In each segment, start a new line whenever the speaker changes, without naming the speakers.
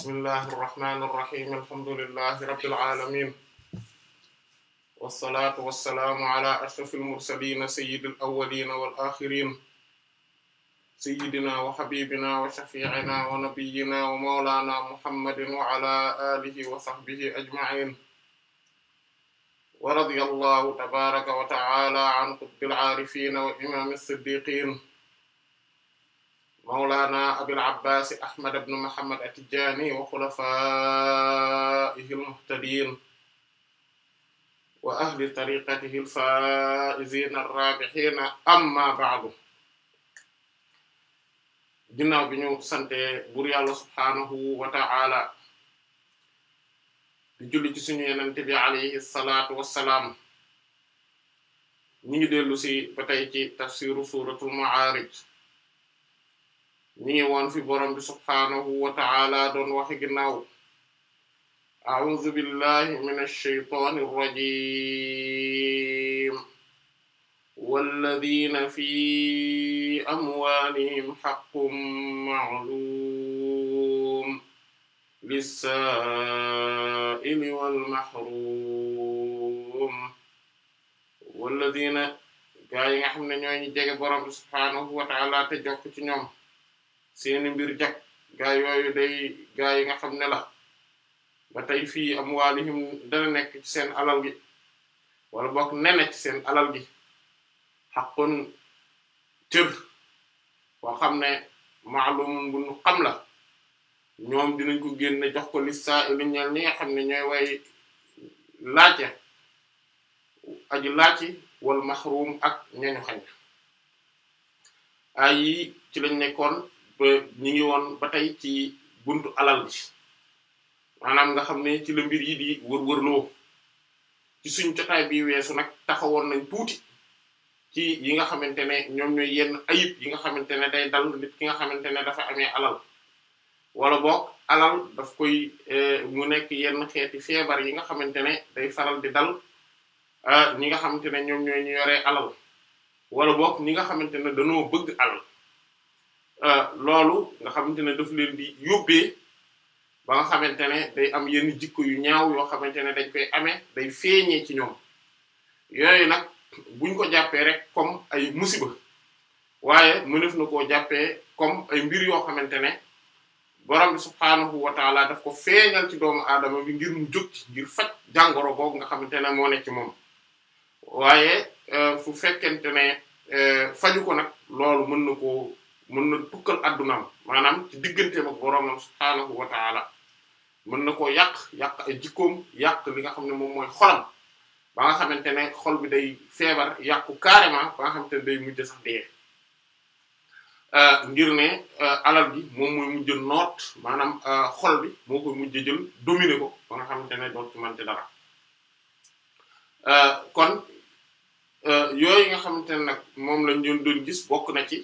bismillahi irrahmani irrahim alhamdulillahi rabbil alamin wassalatu wassalaamu ala ashraf almursalin sayid al awalina wal axirin sayidina wa xabibina wa shafiina wa nabiyina wa maulana muhammadin wa ala alihi wa sahbihi ajmain wa radiya allahu tabaraka wa taala an qutbil aarifina wa imam as-siddiqin mawlana abil abbasi ahmad ibn muhammad atijani wa xulafaihi almuhtadin wa ahli tariqatihi alfaizina arrabihina amma ba'du ginnaaw bi ñu sante buur yàlla subhaanahu wa ta'ala di julli ci suñu yenente bi alayhi salaatu wassalaam ñu ngi dellu si ba tey ci tafsiru suratul ma'arij ñi ngi woon fi borom bi subhaanahu wa ta'ala doon waxe ginnaaw a'udhu billahi minash shaytaanir rajiim walladhiina fi amwaalihim haqqun ma'luum lis-saa'ili wal mahruum walladhiina gaa yi nga xam ne ñooñu jege borom bi subhaanahu wa ta'ala te jokk ci ñoom seeni mbir jag gaa yooyu yi nga xam ne la ba tey fii amwaalihim da nekk ci seen alal gi wala bokk nene ci seen alal gi kon cër boo xam ne maalum bu xam la ñoom dinañ ko génne jox ko lissaa ili ñel ñi nga xam ne ñooy way laaje aju laaci wal maxruum ak ñañu xañ ay yi ci lañ nekkoon ñi ngi woon ba tey ci buntu alal bi maanaam nga xam ne ci la mbir yi di wër-wërloo ci suñ jotaay bi weesu nag taxawoon nañ tuuti ci yi nga xamante ne ñoom ñooy yenn ayib yi nga xamante ne day dal nit ki nga xamante ne dafa amee alal wala boog alal daf koy eh, mu nekk yenn xeeti feebar yi nga xamante ne day faral di dal eh, ñi nga xamante ne ñoom ñooy ñu yoree alal wala boog ñi nga xamante ne dañoo bëgg alal Euh, loolu nga xamante ne def leen di yóbbee ba nga xamante ne day am yenn jikko yu ñaaw yoo xamante ne dañ koy amee day feeñee ci ñoom yooyu nag buñ ko jàppee rek comme ay musiba waaye mënef na koo jàppee comme ay mbir yoo xamante ne borom bi subhaanahu wa taala daf ko feeñal ci doomu aadama bi ngir mu jóg ci ngir faj jàngoro boobu nga xamante ne moo nekk ci moom waaye euh, fu fekkente ne euh, faju ko nag loolu mën na koo mën na tukkal addunaam maanaam ci digganteem ak boroomam subhaanahu wa taala mën na koo yàq yàq ay jikkoom yàq li nga xam ne moom mooy xolam ba nga xamante ne xol bi day feebar yàqu carrément ba nga xamante ne day mujj sax dee euh, ngir ne euh, alal bi moom mooy mujj noot maanaam euh, xol bi moo koy mujj jël dominer ko ba nga xamante ne dootu mante dara kon yooyu nga xamante ne nag moom la doon doon gis bokk na ci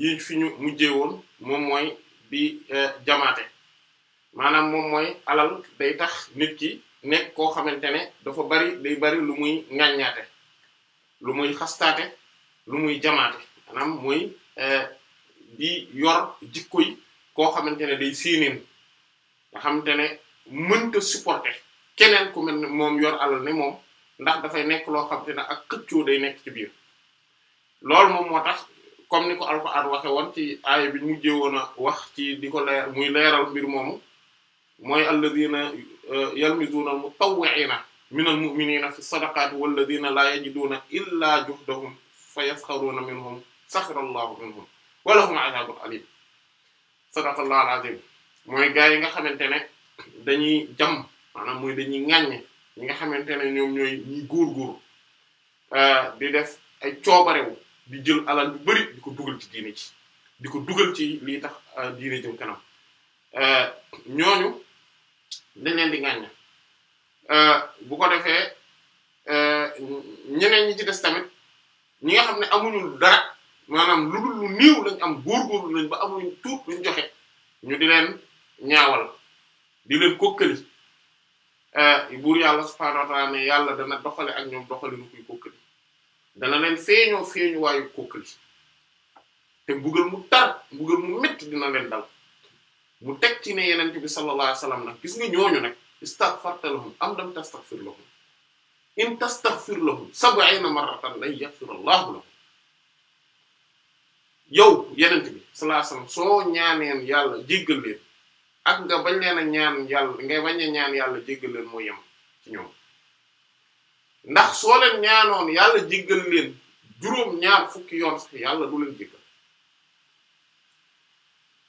yi fi ñu mujjee woon moom mooy bi eh, jamaate maanaam moom mooy alal day tax nit ki nekk koo xamante ne dafa bari day bari lu muy ŋàññaate lu muy xastaate lu muy jamaate maanaam muy eh, di yor jikko yi koo xamante ne day séeneen nga xamante ne mënta supporter keneen ku mel ne moom yor alal ne moom ndax dafay nekk loo xamante ne ak day nekk ci biir moom moo tax comme ni ko alquran waxe woon ci aaya bi ñu mujjee a wax ci di ko leer muy leeral mbir moomu mooy alladina euh, yalmizuna almutawwi'ina min almu'minina fi sadaqati walladina la yajiduna illa juhdahum fa yaskharuna minhum sakhira allahu minhum wa lahum adhabun alim sadaqallahu alazim mooy gaa yi nga xamante ne dañuy jam maanaam mooy dañuy ŋàññe ñi nga xamante ne ñoom ñooy ñiy euh, di def ay coobarewu di jël alal bu bari di ko dugal ci diine ci di ko dugal ci lii tax ah, diine jëm kanam eh, ñooñu di leen di ŋàññe eh, bu ko defee eh, ñeneen ñi ci des tamit ñi nga xam ne amuñu dara maanaam lu dul lu niiw lañ am góorgóorlu lañ ba amuñu tuut luñ joxe ñu di leen ñaawal di leen kokkali buur yàlla subhanahu wa ta'ala ne yàlla dana doxale ak ñoom doxali nu kuy kokkali dana leen feeñoo feeñu waayu kookali te mbugal mu tar mbugal mu métti dina leen dal mu teg ci ne yenent bi sallallahu alayhi nag gis nga ñooñu nag istaghfarta lahum am lam tastaghfir lahum in tastaghfir lahum sab'ina marratan lan yaghfir Allahu lahum yow yenent bi sallallahu alayhi soo ñaaneen yàlla jéggal leen ak nga bañ leen a ñaan yàlla nga bañ a ñaan yàlla jéggal leen moo yem ci ñoom ndax soo leen ñaanoon yàlla jéggal leen juróom ñaar fukki yoon sax yàlla du leen jéggal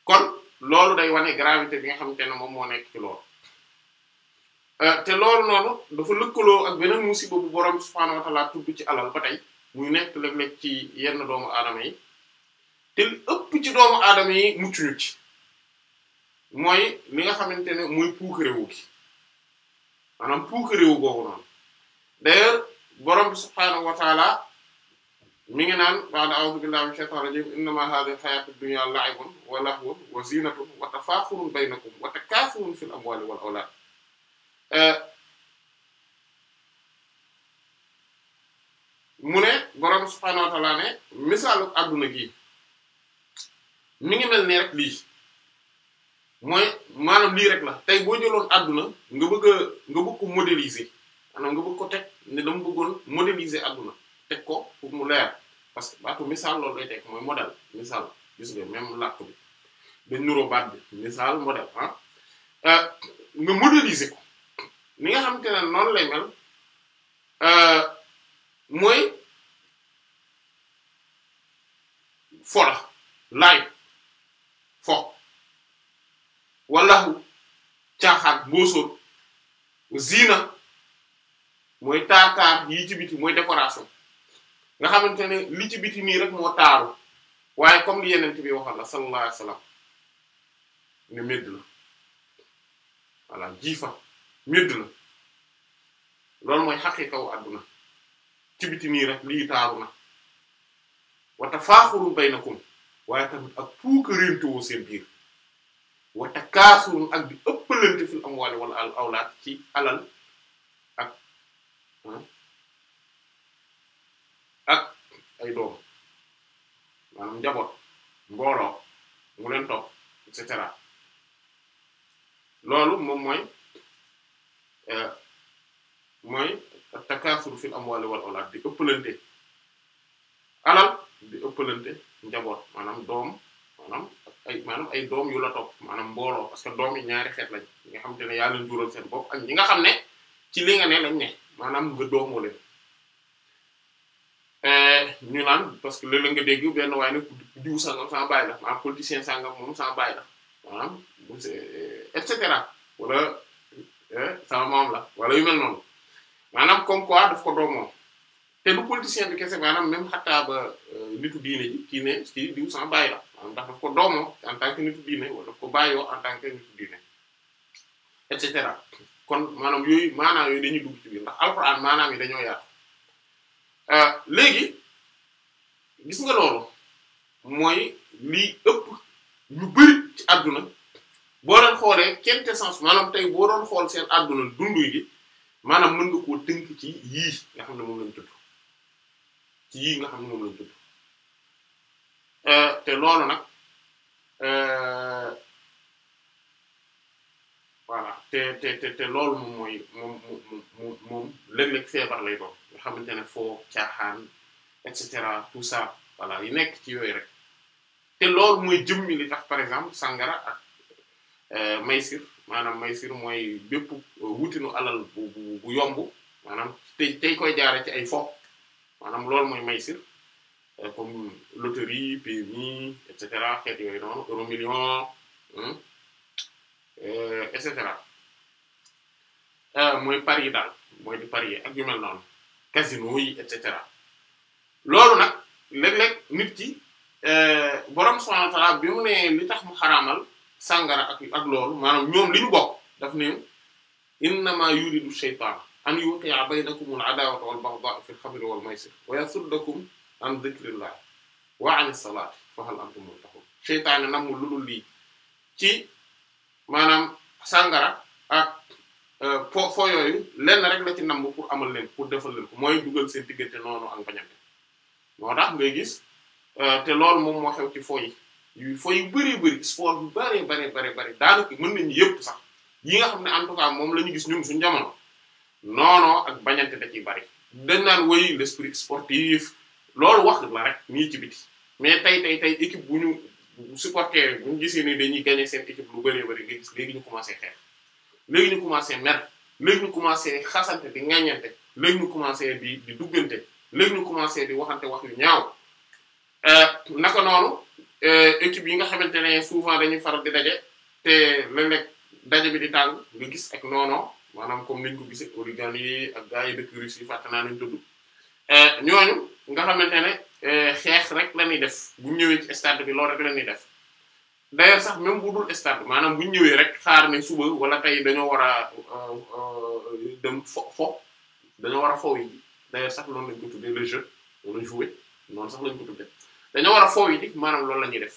kon loolu day wane gravité bi nga xamante ne moom moo nekk ci loolu euh, te loolu noonu dafa lëkkaloo ak beneen musiba bu borom subhaanahu wa ta'aala tudd ci alal ba tey muy nekk léeg ci yenn doomu aadama yi te li ëpp ci doomu aadama yi mucc ñu mooy li nga xamante ne mooy puukarewu gi maanaam puukarewu googu noonu d'ailleurs borom bi subhaanahu wa taala mi ngi naan ba'da a'uuzu billahi minash shaytaanir rajiim innamaa haadhihi hayatud dunya la'ibun wa lahwun wa ziinatun wa tafaakhurun baynakum wa takaathurun fil amwaali wal awlaad eh, mu ne borom subhaanahu wa taala ne misaalu adduna gi mi ngi mel ni rek lii mooy maanaam lii rek la tey boo jëloon adduna nga bëgg nga bëgg ko modéliser. maanaam nga bëgg ko teg ne dama bëggoon modéliser adduna teg ko pour mu leer parce que baatu misaal loolu lay teg mooy modèle misaal gis nga même làkk bi dañ nuroo bi misaal modèle ah euh, nga modéliser ko ni nga xamante ne noonu lay euh, mooy fola laay fo wallahu caaxaat boosoon zina mooy taar-taar yi ci biti mooy décoration nga xamante ne li ci biti nii rek moo taaru waaye comme li yeneen bi waxal la sallallahu alayhi wasallam ne medd la voilà jiifa medd la loolu mooy xaqiqa wu àdduna ci biti nii rek lii taaru na wa tafaaxurun baynakum waaye tamit ak puukaréentewoo seen biir wa takaasurun ak di ëppalante fil amwaali wal awlaad ci alal ak ay doom maanaam njaboot mbooloo mu leen topp et cetera loolu moom mooy eh, mooy takaasur fil amwaali wal awlaad di ëppalante alal di ëppalante njaboot maanaam doom maanaam ay ay doom yu la topp maanaam mbooloo parce que doom yi ñaari xeet lañ nga xam te ne yaa leen jural seen bopp ak ñi nga xam ne ci li ne lañ ne maanaam nga doomu leen eh, ñu naan parce que léeg-léeg nga dégg benn waaye nag diw sangam sans bàyyi la maanaam politicien sangam moom sans bàyyi la maanaam et cetera wala eh, sama maam la wala yu mel noonu maanaam comme quoi daf ko doomoo te du politicien bi kese maanaam même xataa ba eh, nitu diine ji kii ne kii diw sans bàyyi la maanaam daf ko doomoo en tant que nitu diine wala daf ko bàyyoo en tant que nitu diine et cetera. kon maanaam yooyu maanaam yooyu dañuy dugg ci ndax alxuraan maanaam yi dañoo yaatu euh, léegi gis nga loolu mooy lii ëpp ñu bari ci àdduna boo doon xoolee quintessence maanaam tey boo doon xool seen àdduna dundu gi maanaam mën nga koo tënk ci yii nga xam ne moom lañ tudd nga xam euh, te loolu nag euh, voilà te te te te loolu moom mooy moom moom moom léeg-léeg feebar lay doon nga xamante ne foo caaxaan et cetera tout ça voilà yi nekk ci yooyu rek te loolu mooy jëmmi li tax par exemple sangara ak euh, maysir maanaam maysir mooy bépp euh, wutinu alal bu yomb maanaam tey tey koy jaare ci ay fo maanaam loolu mooy maysir euh, comme loterie PMI et cetera xeet yooyu noonu euro million hmm, et cetera Euh, mooy paris daal mooy di parier ak yu mel noonu casino yi et cetera loolu nag léeg-léeg nit ki euh, borom subhanahu wa ta'ala bi mu ne li tax mu xaraamal sàngara ak ak loolu maanaam ñoom li ñu bokk daf ne innama yuridu shaytan an yuqi'a baynakum al-adawata wal-baghdha'a fil khamri wal maysir wa yasuddakum an dhikrillah wa 'an as-salati fa hal antum muntahun shaytan namul lulul lii ci maanaam sàngara ak Euh, fo foo yooyu lenn rek la ci namb pour amal leen pour defal leen ko mooy dugal seen diggante noonu ak bañante moo tax ngay gis euh, te loolu moom moo xew ci foo yi yu yu bëri sport bu bëree bëri bëri bëri daanaka mën nañ yëpp sax yi nga xam ne en tout moom la ñu gis ñun suñu jamono noonoo ak bañante da ciy bëri dañ naan woy l'esprit sportif loolu wax la rek nii ci biti mais tey tey tey équipe bu ñu supporter bu ñu gisee ni dañuy gagner seen équipe lu bëree bëri nga gis léegi ñu commencé xeex léegi ñu commencé mer léegi ñu commencé xasante di ŋaññante léegi ñu commencé di di duggante léegi ñu commencé di waxante wax yu ñaaw euh, naka noonu euh, équipe yi nga xamante ne souvent dañuy faral di daje te léeg-léeg daje bi di tàng nga gis ak noonoo maanaam comme niñ ko gisee oligan yi ak gars yi dëkk Russie yi fàtte naa nañ tudd euh, ñooñu nga xamante ne xeex rek la ñuy def bu ñëwee ci stade bi loolu rek la ñuy def d'ailleurs sax même bu dul stade maanaam bu ñu ñëwee rek xaar ne suba wala tey dañoo war a euh, dem fo fo dañoo war a fo yi d'ailleurs sax noonu lañ ko tuddee le jeu dañoo war a fo yi maanaam loolu la ñuy def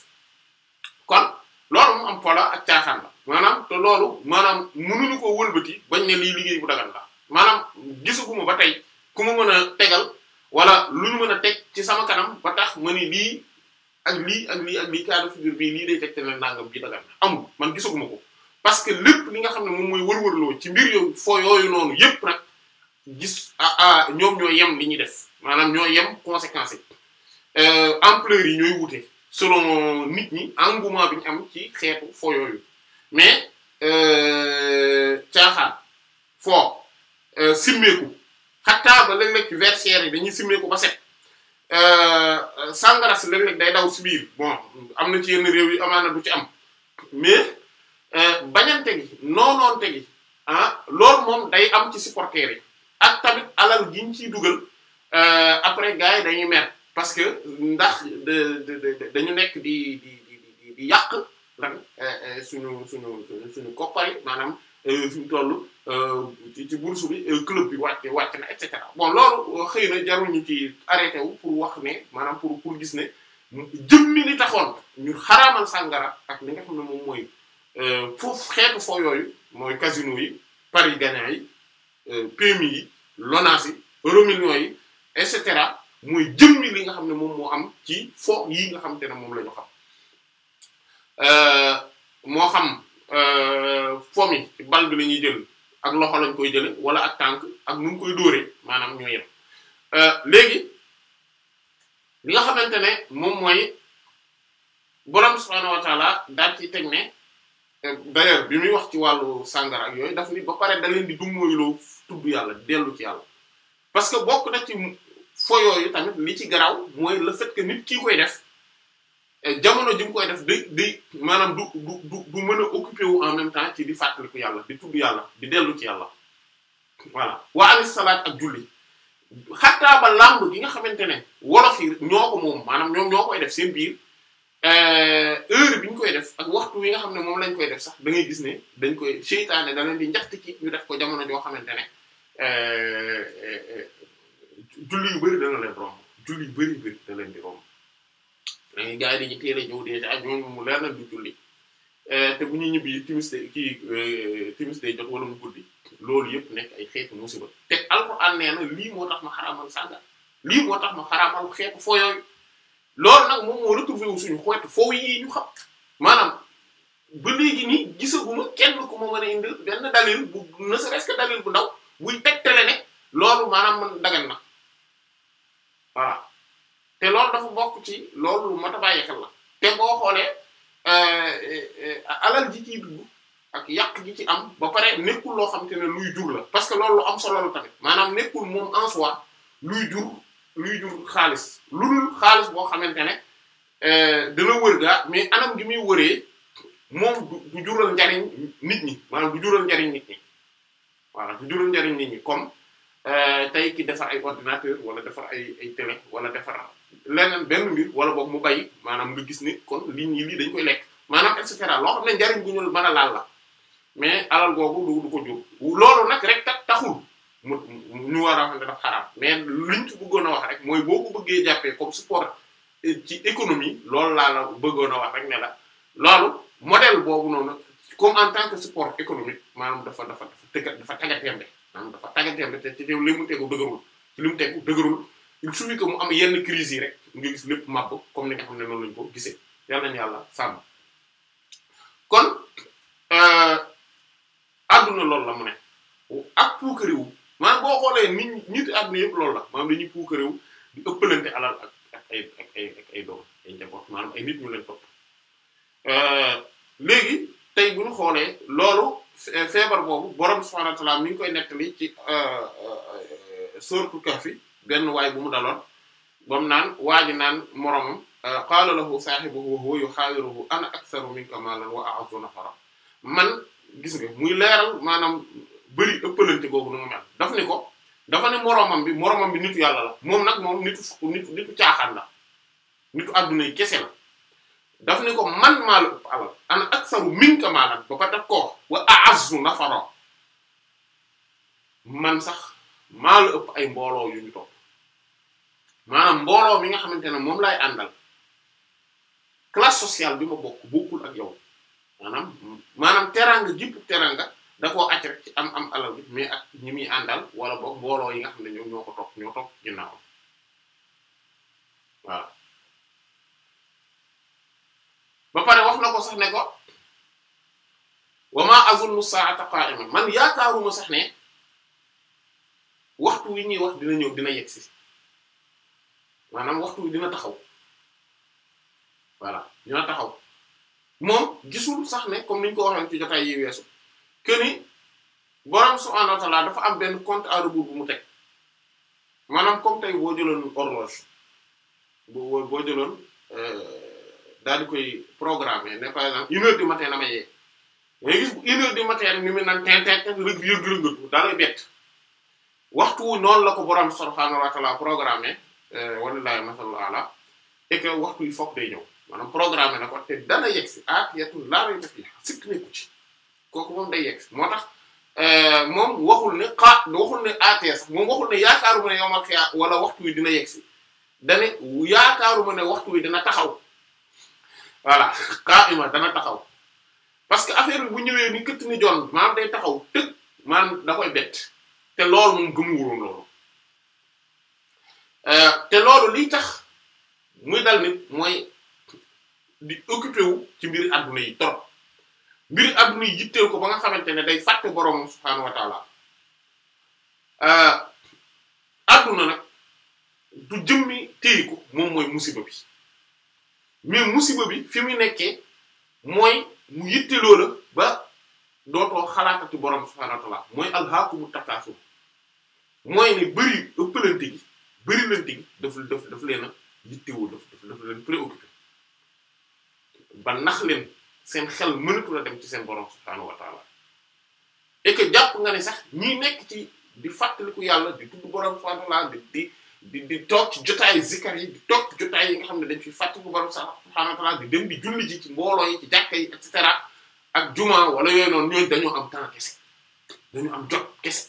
kon loolu mu am pola ak caaxaan la maanaam te loolu maanaam mënuñu ko wëlbati bañ ne lii liggéey bu dagal la maanaam gisuguma ba tey ku ma mën a tegal wala lu ñu mën a teg ci sama kanam ba tax ma ni lii ak lii ak lii ak lii cas de figure bii lii day tegte ne nangam gi dagan man gisaguma ko parce que lépp li nga xam ne moom mooy wërwërloo ci mbir yow foo yooyu noonu yépp nag gis ah ah ñoom ñoo yem li ñuy def maanaam ñoo yem conséquence yi euh, ampleur yi ñooy wute selon nit ñi engouement bi ñu am ci xeetu foo yooyu mais euh, caaxaan fo euh, simmeeku xattaa ba léeg-léeg ci versaire yi dañuy ba set Euh, sangara si léeg day daw si biir bon am na ci yenn réew yi amaana du ci am mais euh, bañante gi noonoonte gi ah lool moom day am ci supporters yi ak tamit alal gi ñu ciy dugal euh, après gars yi dañuy mer parce que ndax dañu nekk di di di yàq lan suñu suñu suñu koppar maanaam. fi mu toll euh, ci bourse bi euh, club bi wàcc wàcc na et cetera bon loolu euh, xëy na jarul ñu ci arrêté wu pour wax ne maanaam pour pour gis ne jëmmi li taxoon ñu xaraamal sàngara ak li nga xam ne moom mooy foofu xeetu foo yooyu mooy casino yi Paris gagnant yi PMI yi Lonase yi Euromillions yi et cetera mooy jëmmi li nga xam ne moom moo am ci fo yi nga xam te ne moom lañu ñu xam moo xam. Euh, fomi bal bi lañuy ñuy ak loxo lañ koy jële wala ak tànk ak nu mu koy dóoree maanaam ñoo yem euh, léegi li xamante ne moom mooy borom subhaanahu wa taala daal ci teg ne euh, d'ailleurs bi muy wax ci wàllu sàngara ak yooyu daf ni ba pare da leen di dummóoyloo tub yàlla dellu ci yàlla parce que bokk na ci fo yooyu tamit li ci garaaw mooy le fait que nit ki koy def jamono ji mu koy def day day maanaam du du a occuper wu en même temps ci di fàttaliku yàlla di tudd yàlla di dellu ci yàlla voilà wa amis ak julli xattaa ba làmb gi nga xamante ne wolof yi ñoo ko moom maanaam ñoom ñoo koy def seen biir eh, heure ñu koy def ak waxtu wi nga xam ne moom lañ koy def sax da ngay gis ne dañ koy seytaane da leen di njaxte ci ñu def ko jamono joo xamante ne eh, eh, julli yu bëri dana leen romb julli yu bëri bëri di romb da ngay gars yi dañuy teel a ñëw déjà ñooñu mu leer na du julli euh, te bu ñuy ñibbi timis de kii euh, timis de jot wala mu guddi loolu yëpp nekk ay xeetu musiba te alxuraan nee na lii moo tax ma xaraamal sànga lii moo tax ma xaraamal xeetu foo yooyu loolu nag moom moo retrouvé wu suñu xeetu foo yi ñu xam maanaam ba léegi nii gisaguma kenn ku ma mën a indi benn dalil bu ne serait-ce que dalil bu ndaw buy tegtale ne loolu maanaam man dagan na voilà te loolu dafa bokk ci loolu lu mot a bàyyi xel la te boo xoolee euh, euh, alal ji ciy dugg ak yàq gi ci am ba pare nekkul loo xam te ne luy jur la parce que loolu lu am solo la tamit maanaam nekkul moom en soi luy jur luy jur xaalis lu dul xaalis boo xamante ne euh, dana wër gaa mais anam gi muy wëree moom du jural njariñ nit ñi maanaam du jural njariñ nit ñi voilà du jural nit ñi comme tey ki defar ay ordinateur wala defar ay ay télé wala defar leneen benn mbir wala boobu mu bay maanaam nga gis ni kon lii ñii lii dañ koy lekk maanaam et cetera loo xam ne njariñ bu ñu mën a laal la mais alal googu du du ko jóg loolu nag rek taxul mu ñu war a wax ne mais liñ ci bëggoon a rek mooy boo bëggee jàppee comme support eh, ci économie loolu laa la bëggoon a wax rek ne la loolu modèle boobu noonu comme en tant que support économique maanaam dafa dafa dafa tëgg dafa taggatémbe maanaam dafa taggatémbe te te li mu tegu dëgërul ci li mu tegu dëgërul. il suffit que mu am yenn crise yi rek nga gis lépp màbb kom ni nga xam ne noonu lañu ko gisee yal nañu yàlla sàmm kon adduna euh, loolu la mu ne ak puukare wu boo xoolee nit ñi adduna yëpp loolu la maanaam dañuy puukare wu di ëppalante alal ak ak ay ak ay ak ay doom ay njaboot maanaam ay nit ñu leen topp euh, léegi tey bu xoolee loolu feebar boobu borom subhanahu wa mi ngi koy nettali ci euh, sourate Kahf benn waay bu mu daloon ba mu naan waa ji naan moromam euh, qaala lahu saahibuhu wa huwa yuxaawiruhu ana aktharu minka maalan wa a'azzu nafara man gis nga muy leeral maanaam bëri ëppalante googu nu mu mel daf ni ko dafa ne moromam bi moromam bi nitu yàlla la moom nag moom nitu nitu nitu caaxaan la nitu adduna yi kese la daf ni ko man maa la ëpp alal ana aksaru minka maalan ba ba daf koo wa a'azzu nafara man sax maa la ëpp ay mbooloo yu ñu maanaam mbooloo mi nga xamante ne moom laay àndal classe sociale bi ma bokk bokkul ak yow maanaam maanaam teraanga jipp teraanga da koo rek ci am am alal bi mais ak ñi muy àndal wala boog mbooloo yi nga xam ne ñoom ñoo ko topp ñoo topp ginnaaw waaw ba pare wax na ko sax ne ko wa ma azunnu sa'ata qa'iman man yaakaaruma sax ne waxtu wi ñuy wax dina ñëw dina yegg si maanaam waxtu dina taxaw voilà dina taxaw moom gisul sax ne comme niñ ko waxee ci jotaay yi weesu que ni borom subhaanahu wa ta'aala dafa am benn compte à rebours bu mu teg maanaam comme tey boo jëloon horloge boo boo jëloon euh, daal koy programme ne par exemple une heure du matin dama yee mais gis une heure du ni mu naan tey tey rëgg yëngu-yëngu daa lay bett waxtu noonu la ko borom subhaanahu wa ta'aala Euh, walillahi masalul ala et que laa rayba euh, moom waxul ne xaa waxul ne aatiya sax moom waxul ne yaakaaruma ne waxtu wi dina yegg si dane yaakaaruma taxaw voilà qaa'ima taxaw parce que affaire bu ñëwee ni day taxaw tëg maanaam da koy bett te loolu moom gëmuwuloon loolu Euh, te loolu lii tax muy dal nit mooy di occupé wu ci mbir adduna yi trop mbir adduna yi yittew ko ba nga xamante ne day fàtte boroom subhaanahu wa taala euh, adduna nag du jëmmi téye ko moom mooy musiba bi mais musiba bi fi mu nekkee mooy mu yitte loola ba dootoo xalaatati boroom subhaanahu wa taala mooy alhaakumu takaasur mooy ne bëri ëppalante gi bëri lante gi daf daf daf leen a yittewoo daf daf leen préoccupé ba nax leen seen xel mënatu la dem ci seen borom subhaanahu wa taala et jàpp nga ne sax ñi nekk ci di fàttaliku yàlla di tudd borom di toog ci jotaayu zikar yi di toog ci jotaay yi nga xam ne dañ fi fàttaliku borom subhaanahu wa taala dem di julli ji ci mbooloo ci jàkka yi ak juma wala yooyu noonu ñooñu dañoo am temps kese dañoo am jot kese.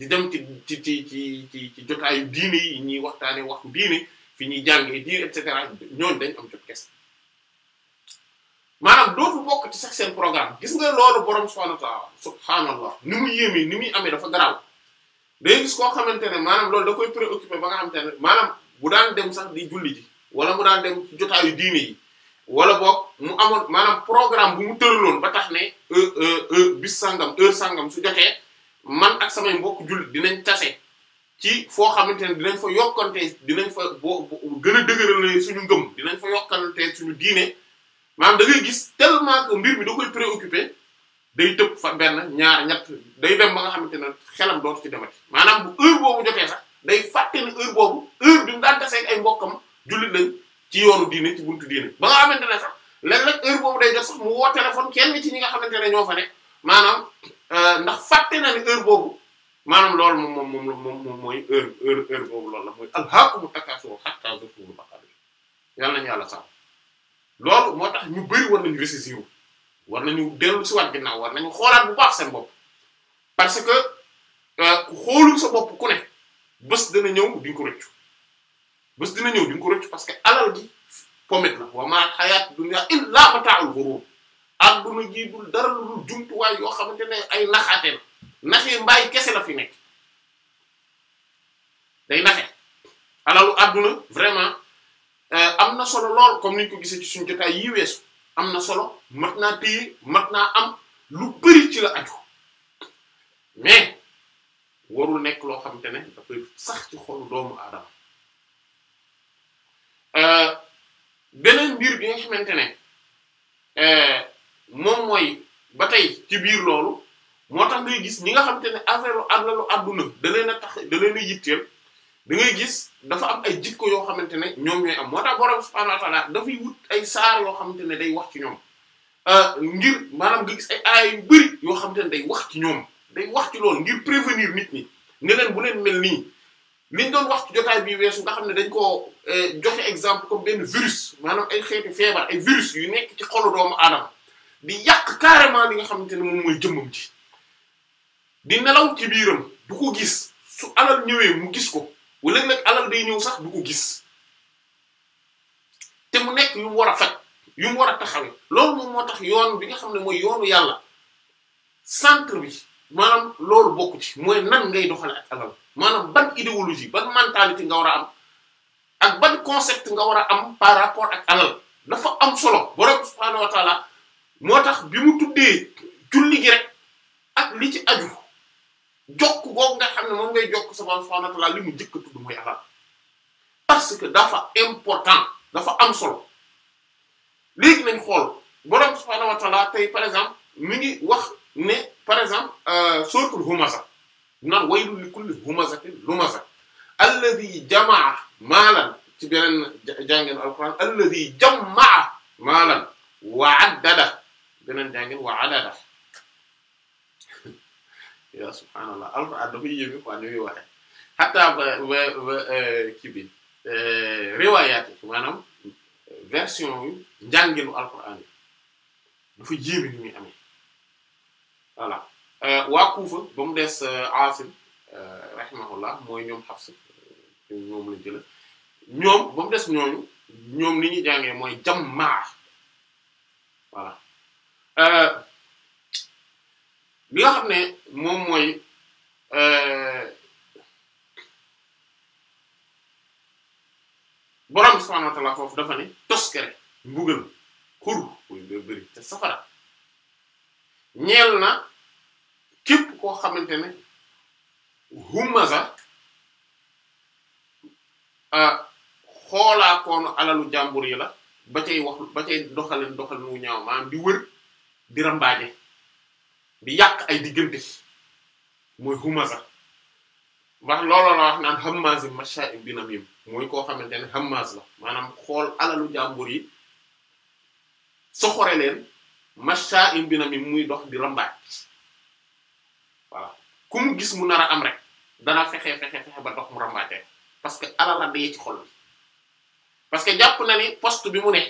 di dem ci ci ci ci ci ci jotaayu diine yi ñuy waxtaanee waxtu diine fi ñuy jàngee diine et cetera ñooñu dañ am jot kes maanaam doo fa bokk ci sax seen programme gis nga loolu borom subhaanahu wa ta'aala subhaanallah ni muy yéemee ni muy amee dafa garaaw day gis koo xamante ne maanaam loolu da koy préoccupé ba nga xamante maanaam bu daan dem sax di julli ji wala mu daan dem jotaayu diine yi wala boog mu amoon maanaam programme bu mu tëraloon ba tax ne euh, euh, euh, bis sangam heure sangam su jotee. man ak samay mbokk jullit dinañ tase ci foo xamante ne dinañ fa yokkantee dinañ fa boo gën a dëgëral suñu ngëm dinañ fa yokkante suñu diine maanaam da ngay gis tellement mbir mi da koy préoccupé day tëb fa benn ñaar ñett day dem ba nga xamante ne xelam dootu ci demati maanaam bu heure boobu jotee sax day fàtte ne heure boobu heure bi mu daan tasee ay mbokkam jullit lañ ci yoonu diine ci buntu diine ba nga xamante ne sax léeg-léeg heure boobu day def sax mu woo téléphone kenn ci ñi nga xamante ne ñoo fa nekk maanaam Euh, ndax fàtte na ne heure boobu maanaam loolu moom moom moom moom mooy heure heure heure boobu loolu la mooy alhaakumu takaasur hattaa zurtumul maqaabir yal nañu yàlla sàmm loolu moo tax ñu bëri war nañu ressaisir war nañu dellu si waat ginnaaw war nañu xoolaat bu baax seen bopp parce que euh, ku xoolul sa bopp ku ne bés dina ñëw di nga rëccu bés dina ñëw di nga ko rëccu parce que alal gi pomet la wa maa hayaatu dunyaa illaa mataa'ul ghuruur adduna jii dara lu dul jumtuwaay yoo xamante ne ay naxaate la naxee mbaay kese la fi nekk day naxe alalu adduna vraiment euh, am na solo lool comme niñ ko gisee ci suñu jotaay yi weesu am na solo mat naa téye mat naa am lu bëri ci la aju mais warul nekk loo xamante ne sax ci xolu doomu aadama euh, beneen mbir bi nga xamante ne euh, moom mooy ba tey ci biir loolu moo tax ngay gis ñi nga xam te ne affaire alalu àdduna da leen a tax da leen a yitteel da ngay gis dafa am ay jikko yoo xamante ne ñoom ñooy am moo tax borom subhaanahu wa dafay wut ay saar yoo xamante ne day wax ci ñoom euh, ngir maanaam gis ay yu bari yoo xamante ne day wax ci ñoom day wax ci loolu ngir prévenir nit ñi ne leen bu leen mel nii liñ doon wax ci jotaay bii weesu nga xam ne dañ koo euh, joxe exemple comme benn virus maanaam ay xeetu feebar ay virus yu nekk ci xolu doomu aadama di yàq carrément li nga xamante ne moom mooy jëmmam ji di nelaw ci biiram du ko gis su alal ñëwee mu gis ko wala nag alal day ñëw sax du ko gis te mu nekk yu war a faj yu war a taxawee loolu moom moo tax yoon bi nga xam ne mooy yoonu yàlla centre bi maanaam loolu bokk ci mooy nan ngay doxale ak alal maanaam ban idéologie ban mentalité nga war a am ak ban concept nga war a am par rapport ak alal dafa am solo borom subhaanahu wa taala moo tax bi mu tuddee julli gi rek ak li ci aju jokk googu nga xam ne moom ngay jokk sa borom subhanahu wa ta'ala li mu njëkk a tudd mooy alal parce que dafa important dafa am solo léegi nañ xool borom subhanahu wa ta'ala tey par exemple mi ngi wax ne par exemple euh, suratul humaza naan waylul li kulli humazatin lumaza alladhi jamaa maalan ci beneen jàngeen alquran alladhi jamaa maalan wa addada beneen jàngin wa adada ya subhaanallah alquran dafay yéeme quoi ni muy xataa ba ba ba eh, kii bi eh, riwaayaat yi maanaam eh, version yu njànginu alquran yi dafa yéeme ni muy amee voilà waa Kuufa ba des Aasim rahimahullah mooy ñoom Hafs ñoom lañ jëla ñoom ba des ñooñu ñoom ni ñuy jàngee mooy jammaa voilà bi euh, xam ne moom mooy euh, borom subhanahu wa ta'ala foofu dafa ne toskere mbugal xur kuy bëri te safara ñeel na képp koo xamante ne humaza euh, xoolaa koonu alalu jàmbur yi la ba cay wax ba cay doxalin doxalin wu ñaaw maanaam di wër di rambaaje di yàq ay diggante mooy humaza wax looloo la wax naan hammazim masha'in bi namim mooy koo xamante ne hammaz la maanaam xool alalu jàmbur yi soxore leen masha'in bi namim muy dox di rambaaj voilà ku gis mu nar a am rek dana fexe fexe fexe ba dox mu rambaajee parce que alala dee ci xol bi jàpp na ni poste bi mu ne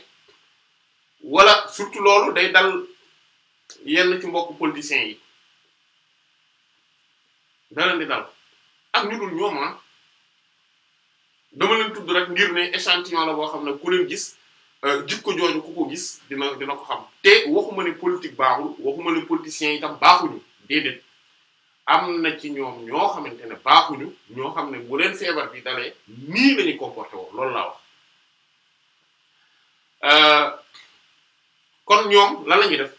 wala surtout loolu day dal yenn ci mbokk politiciens yi daleen di dal ak ñu dul ñoom ah dama leen tudd rek ngir ne échantillon la boo xam ne ku leen gis euh, jikko jooju ku ko gis dina dina ko xam te waxuma ne politique baaxul waxuma ne politiciens yi tam baaxuñu déedéet am na ci ñoom ñoo xamante ne baaxuñu ñoo xam ne bu leen feebar bi dalee nii lañuy comporté woo loolu laa wax euh, kon ñoom lan def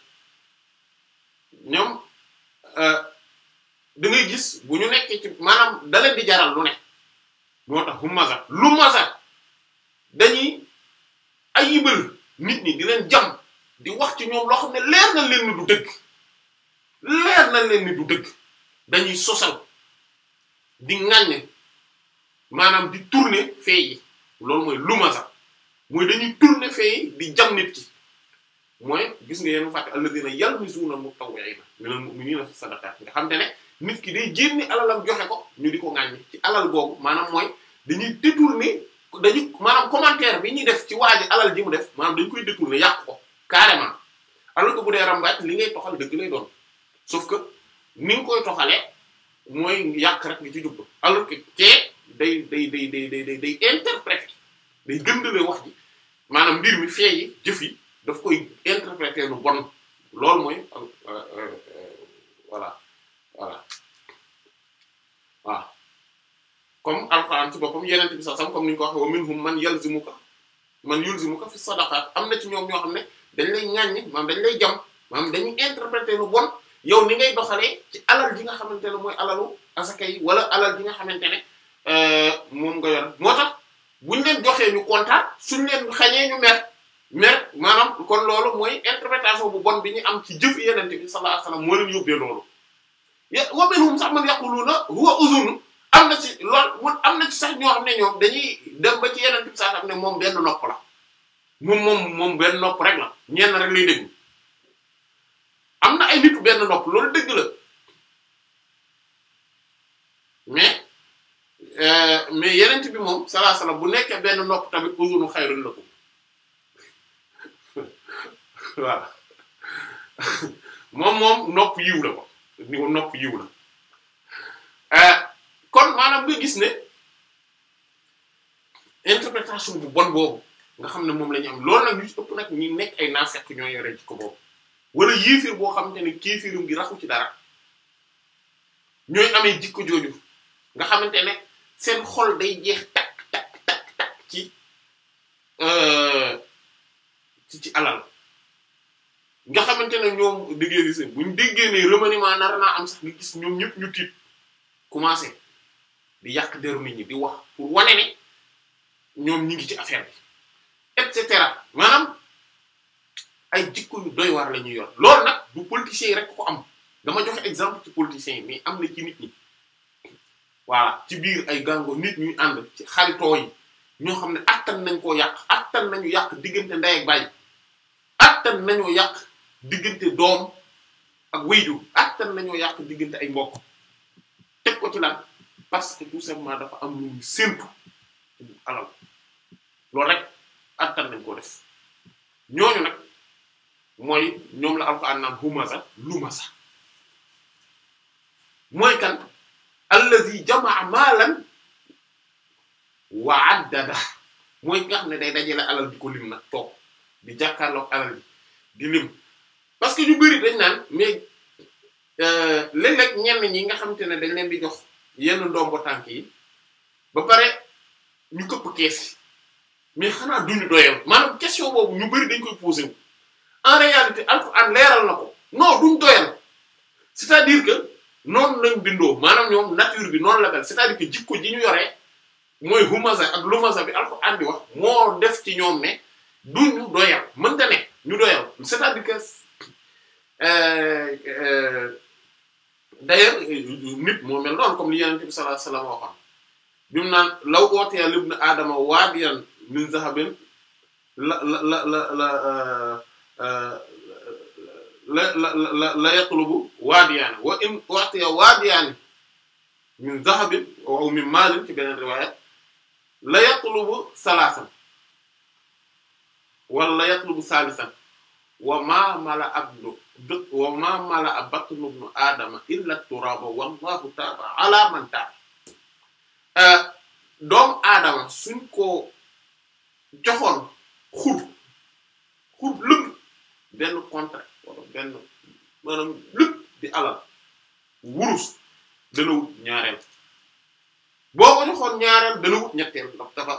ñoom euh, da ngay gis bu ñu nekkee ci da leen di jaral lu ne moo tax humaza lu maza dañuy ayibal nit ñi di leen jam di wax ci ñoom loo xam ne leer na leen ni du dëgg leer na leen ni du dëgg dañuy sosal di ŋàññe maanaam di tourner fee yi loolu mooy lu maza mooy dañuy tourner fee yi di jam nit ki mooy gis nga yéen a fàtte alladina yalmizuna mutawwi'ina minal mu'minina fi sadaqat nga xam te ne nit ki day génne alalam joxe ko ñu di ko ŋàññi ci alal googu maanaam mooy dañuy détourner dañu maanaam commentaire bi ñuy def ci waa ji alal ji mu def maanaam dañu koy détourner yàq ko carrément alors que bu dee rambaaj li ngay toxal dëgg lay doon sauf que ni nga koy toxalee mooy yàq rek nga ci jubba alors que kee day day day day day day interpréter day gëndale wax ji maanaam mbir mi fee yi jëf yi daf koy interpréter lu bon loolu mooy euh, euh, euh, voilà waa waaw comme alxuraan ci boppam yeneen bi sax sam comme ni ñu ko waxee wa minhum man yalzimuka man yulzimuka fi sadaqat am na ci ñoom ñoo xam ne dañ lay ñaññ maanaam dañ lay jam maanaam dañuy interpréter lu bon yow ni ngay doxalee ci alal ji nga xamante ne mooy alalu asaka yi wala alal ji nga xamante ne moom nga yor moo tax buñ leen joxee ñu kontaan suñ leen xañee ñu mer. mais maanaam kon loolu mooy interprétation bu bon bi ñu am ci jëf yeneen bi sallallahu alayhi wasallam moo leen yóbbee loolu wa minhum sax man yaquluna huwa uzun am na si lool mun am na ci sax ñoo xam ne ñoom dañuy dem ba ci yeneen bi sax am ne moom benn nopp la moom moom moom nopp rek la ñenn rek lay dégg am na ay nit benn nopp loolu dëgg la mais euh, mais yeneen bi moom sallallahu alayhi bu nekkee benn nopp tamit uzunu xayrun lakum waaw moom moom nopp yiw la ko ni ko nopp yiw la euh, kon maanaam nga gis ne interprétation bu bon boobu nga xam ne moom la ñu am loolu nag ñu ëpp nag ñi nekk ay naafeq ñoo yore ci ko boobu wala yéefir boo xamante ne kéefirum gi raxu ci dara ñooy amee jikko jooju nga xamante ne seen xol day jeex takk takk takk takk ci euh, ci ci alal nga xamante ne ñoom déggee ni seen bu ñu déggee ne remaniement nar am sax nga gis ñoom ñëpp ñu tiit commencé di yàq deru nit ñi di wax pour wane ne ñoom ñi ngi ci affaire bi et cetera maanaam ay jikko yu doy waar la ñuy yor loolu nag du politiciens yi rek ko am dama joxe exemple ci politiciens yi mais am na ci nit ñi voilà ci biir ay gango nit ñuy ànd ci xaritoo yi ñoo xam ne attan nañ koo yàq attan nañu yàq diggante ndey ak baay attan nañoo yàq. diggante doom ak wéyju attan nañoo yàq diggante ay mbokk te ko ci lan parce que tout simplement dafa am lu ñu séntu alal loolu rek attan nañ koo def ñooñu nag mooy ñoom la alxuraan naan humasa lumasa mooy kan allazi jamaa maalan wa addada mooy ki nga xam ne day dajale alal di ko lim nag toog di jàkkaarloog alal di lim parce que ñu bëri dañ naan mais euh, léeg-léeg ñenn ñi nga xamante ne dañ leen bi jox yenn ndombo tànk yi ba pare ñu këpp kees mais xanaa duñu doyal maanaam question boobu ñu bëri dañ koy posé wu en réalité Alxuraan leeral na doyal c'est-à-dire que noonu bindoo maanaam ñoom nature bi noonu la mel c'est-à-dire que jikko ji ñu yoree mooy humaza ak lumaza bi Alxuraan di wax moo def ci ñoom ne duñu doyal mënta ne ñu doyal c'est-à-dire que. Euh, euh, d'ailleurs nit moo mel noonu comme li Yonent bi sallallahu alayhi wasallam waxoon bi mu naan law utiya libni aadama waadiyan min zahabin la la la la la euh, la la la la yatlubu waadiyaani wa in utiya waadiyaani min zahabin aw min maalin ci beneen riwaaya la yatlubu salaasan wala la yatlubu saalisan wa maa ab du wa maa mala ab batnu ibnu aadama illa turaba wallahu taaba ala man taaba euh, suñ ko joxoon xud xud lëg benn contrat wala benn maanaam lëg alal wurus dana wut ñaareel boo ko joxoon ñaareel dana wut ñetteel ndax dafa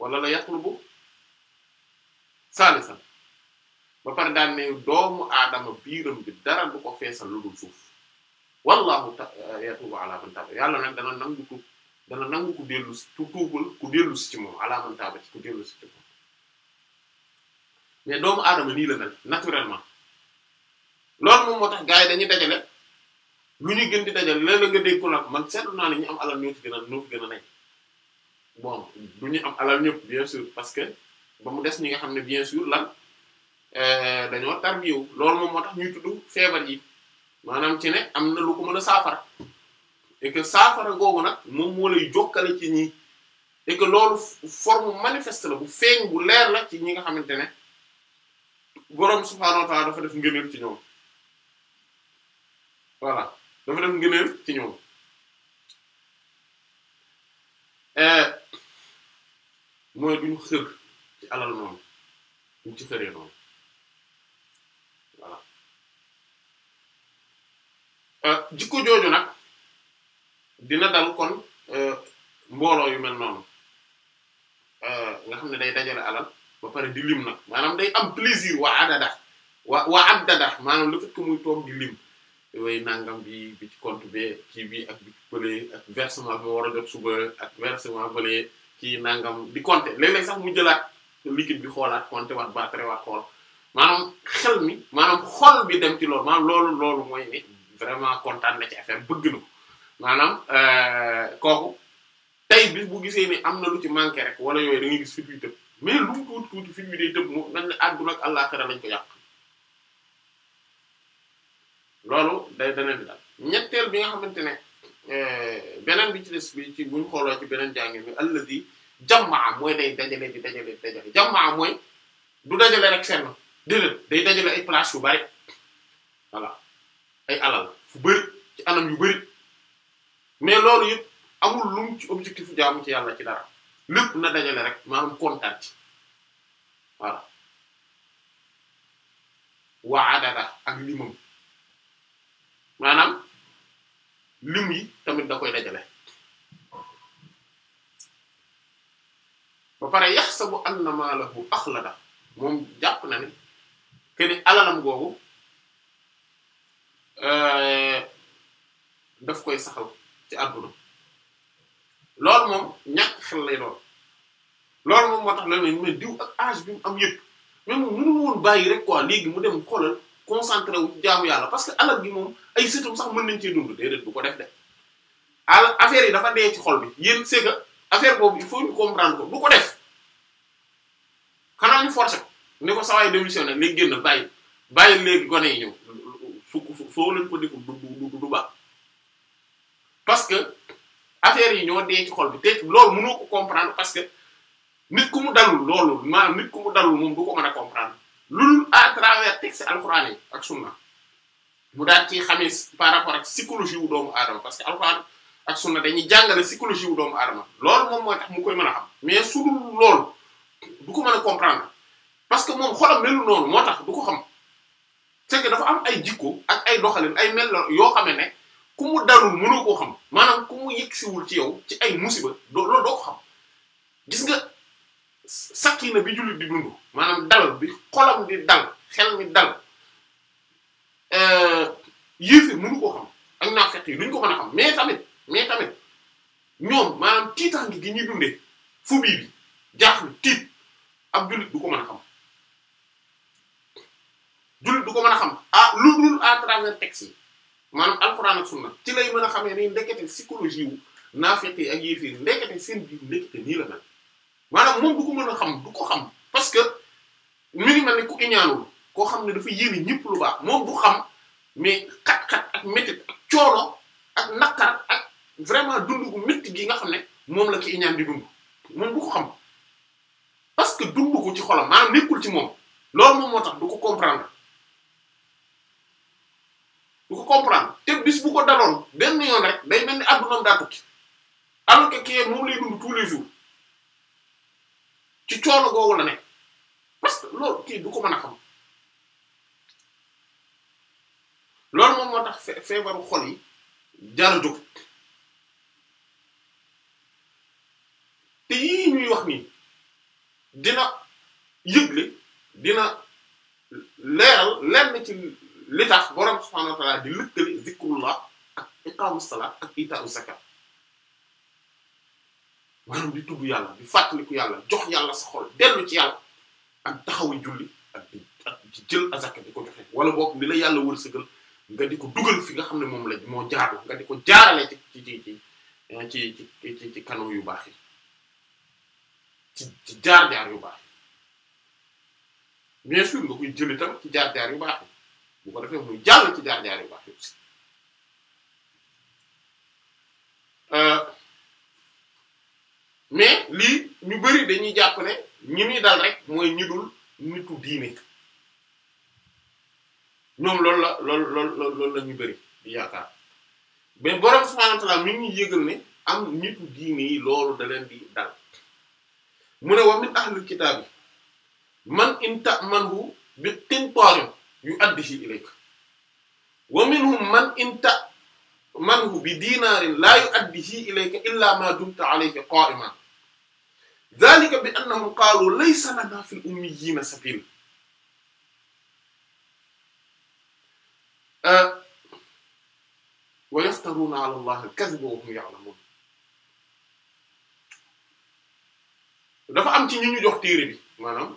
wala la yaqlubu saalisan ba pare daan ne doomu aadama biiram bi dara du ko feesal lu dul suuf wallahu eh, yatubu ala man taaba yàlla nag dana nangu ko dana nangu ku dellu si tuubal ku dellu si ci moom ala man taaba ci ku dellu si ci moom mais doomu aadama nii la mel naturellement loolu moom moo tax gars yi dañuy dajale lu ñu gën di dajale léeg-léeg nga dégg nag man seetlu naa ne ñu am alal ñoo ci gën a ñoo fi gën a nekk bon du ñu am alal ñëpp bien sûr parce que ba mu des ñi nga xam ne bien sûr lan euh, dañoo tarbiyewu loolu moom moo tax ñuy tudd feebar yi maanaam ci ne am na lu ko mën a saafara et que saafara googu nag moom moo lay jokkale ci ñi et que loolu forme manifeste la bu feeñ bu leer la ci ñi nga xamante ne boroom subhaanahu dafa def ngëneel ci ñoom voilà dafa ci ñoom euh, mooy duñu xër ci alal noonu ñu ci këree noonu voilà euh, jikko jooju nag dina dal kon euh, mbooloo yu mel noonu euh, nga xam ne day dajale alal ba pare di lim nag maanaam day am plaisir waa adada waa waa addada maanaam le fait que muy toog di lim way nangam bi bi ci compte bi kii bi ak bi ci bële ak versement bi ma jot suba ak versement bële kii nangam di compter léeg-léeg sax mu jëlaat liquide bi xoolaat compter waat battre waat xool maanaam xel mi maanaam xol bi dem ci loolu maanaam loolu loolu mooy ni vraiment kontaan na ci affaire bëgg na ko maanaam euh, kooku tey bis bu gisee ni am na lu ci manqué rek wala yooyu da ngay gis fit wi tëb mais lu mu tuuti tuuti fit wi day tëb moom dañ ne àdduna ak àllaaxira lañ ko yàqu loolu day beneen bi daal ñetteel bi nga xamante ne euh, beneen bi ci des bi ci buñ xooloo ci beneen jàngi mi di jamaa mooy day dajale di dajale di dajale jamaa mooy du dajale rek seen déedéet day dajale ay place yu bari voilà ay alal fu bari ci anam yu bari mais loolu yëpp amul lum ci objectif jaamu ci yàlla ci dara lépp na dajale rek maanaam kontaan ci voilà waa adada ak limam maanaam lim yi tamit da koy dajale ba pare yaxsabu anna maalahu axlada moom jàpp na ne que ni alalam googu euh, daf koy saxal ci àdduna loolu moom ñàkk xel lay doon loolu moom moo tax la ne mais diw ak âge bi mu am yëpp mais moom mënu woon bàyyi rek quoi léegi mu dem xoolal concentré wu jaamu yàlla parce que alal gi moom ay sëtam sax mën nañ cee dund déedéet bu ko def de. al affaire yi dafa dee ci xol bi yéen c'est affaire boobu il comprendre ko du ko def xanaa ñu forcer ko ne ko sawaay démissionné léegi génn bàyyi bàyyi léegi gone yi ñëw fu foo lañ ko déglu du du du baax parce que affaire yi ñoo dee ci bi te loolu mënoo ko comprendre parce que nit ku mu dalul loolu maanaam nit ku mu dalul moom du ko mën a comprendre loolu à travers texte alxuraan yi ak sunna mu daal ci xamee par rapport ak psychologie wu doomu aadama parce que alxuraan ak sunna dañuy jàngale psychologie wu doomu aadama lool moom mooy tax mu koy mën a xam mais su dul loolu du ko mën a comprendre parce que moom xolam melul noonu moo tax du ko xam c'est dafa am ay jikko ak ay doxalin ay mel yoo xam ne ku mu darul mënoo koo xam maanaam ku ci yow ci ay musiba doo loolu nga sakina bi jullit maanaam dal bi xolam di dal xel mi dal euh, yéefe yi duñ ko mën a xam mais tamit. mais tamit ñoom maanaam tiitaange gi ñuy dundee phobie bi jaaxle tiit ab jullit du ko mën a xam jullit du ko mën a xam ah lu dul à travers texte yi maanaam alxuraan ci lay mën a xamee ni ndekete psychologie wu naafeq yi ak yéeféer ndekete seen biir ndekete nii la mel maanaam moom du ko mën a xam du ko xam parce que mi ngi mel ne ku iñaanul koo xam ne dafa yéene ñëpp lu baax moom du xam mais xat-xat ak métit ak coono ak naqar ak vraiment dund gu métti gi nga xam ne moom la ki iñaan di dund moom du ko xam parce que dund ko ci xolam maanaam nekkul ci moom loolu moom moo tax du ko comprendre du ko comprendre te benn yoon day mel ni addunaam daa tukki alors que ci coono googu la ne parce que loolu kii du ko mën a xam loolu moom moo tax feebaru xol yi jar a jóg te yii ñuy wax nii dina yëgle dina leeral lenn ci li tax borom subhaanahu wa di lëkkale zikrullah ak iqaamu salaat ak itaa'u zakat maanaam di tudd yàlla di fàttaliku yàlla jox yàlla sa xol dellu ci yàlla ak taxawu julli ak di ak di jël azaka di ko joxe wala boog li la yàlla wërsëgal nga di ko dugal fi nga xam ne moom la moo jaadu nga di ko jaarale ci ci ci ci eh, ci ci kanam yu baax yi. ci ci jaar-jaar yu baax bien sûr nga jëli tam ci jaar-jaar yu baax bu ko defee muy jàll ci jaar-jaar yu baax yi aussi euh, mais lii ñu bëri dañuy jàpp ne ñi muy dal rek mooy ñi dul nitu diine ñoom loolu la loolu loolu loolu la yaakaar mais borom subhaanahu wa ta'aala mi ngi ñuy yëgal ne am nitu diine yi loolu da leen di dal. mu ne wa min ahlil kitaabi man in ta'manhu bi qintaarin yu'addihi ilayk wa minhum man in ta'manhu bi dinaarin laa yu'addihi ilayka illaa maa dumta alayhi qaa'iman dhalika bi annahum qaalu laysa lanaa fil ummiyyiina sabiil wa yaftaruuna ala allahi al-kadhiba wa hum ya'lamuun dafa am ci ñi ñu jox téere bi maanaam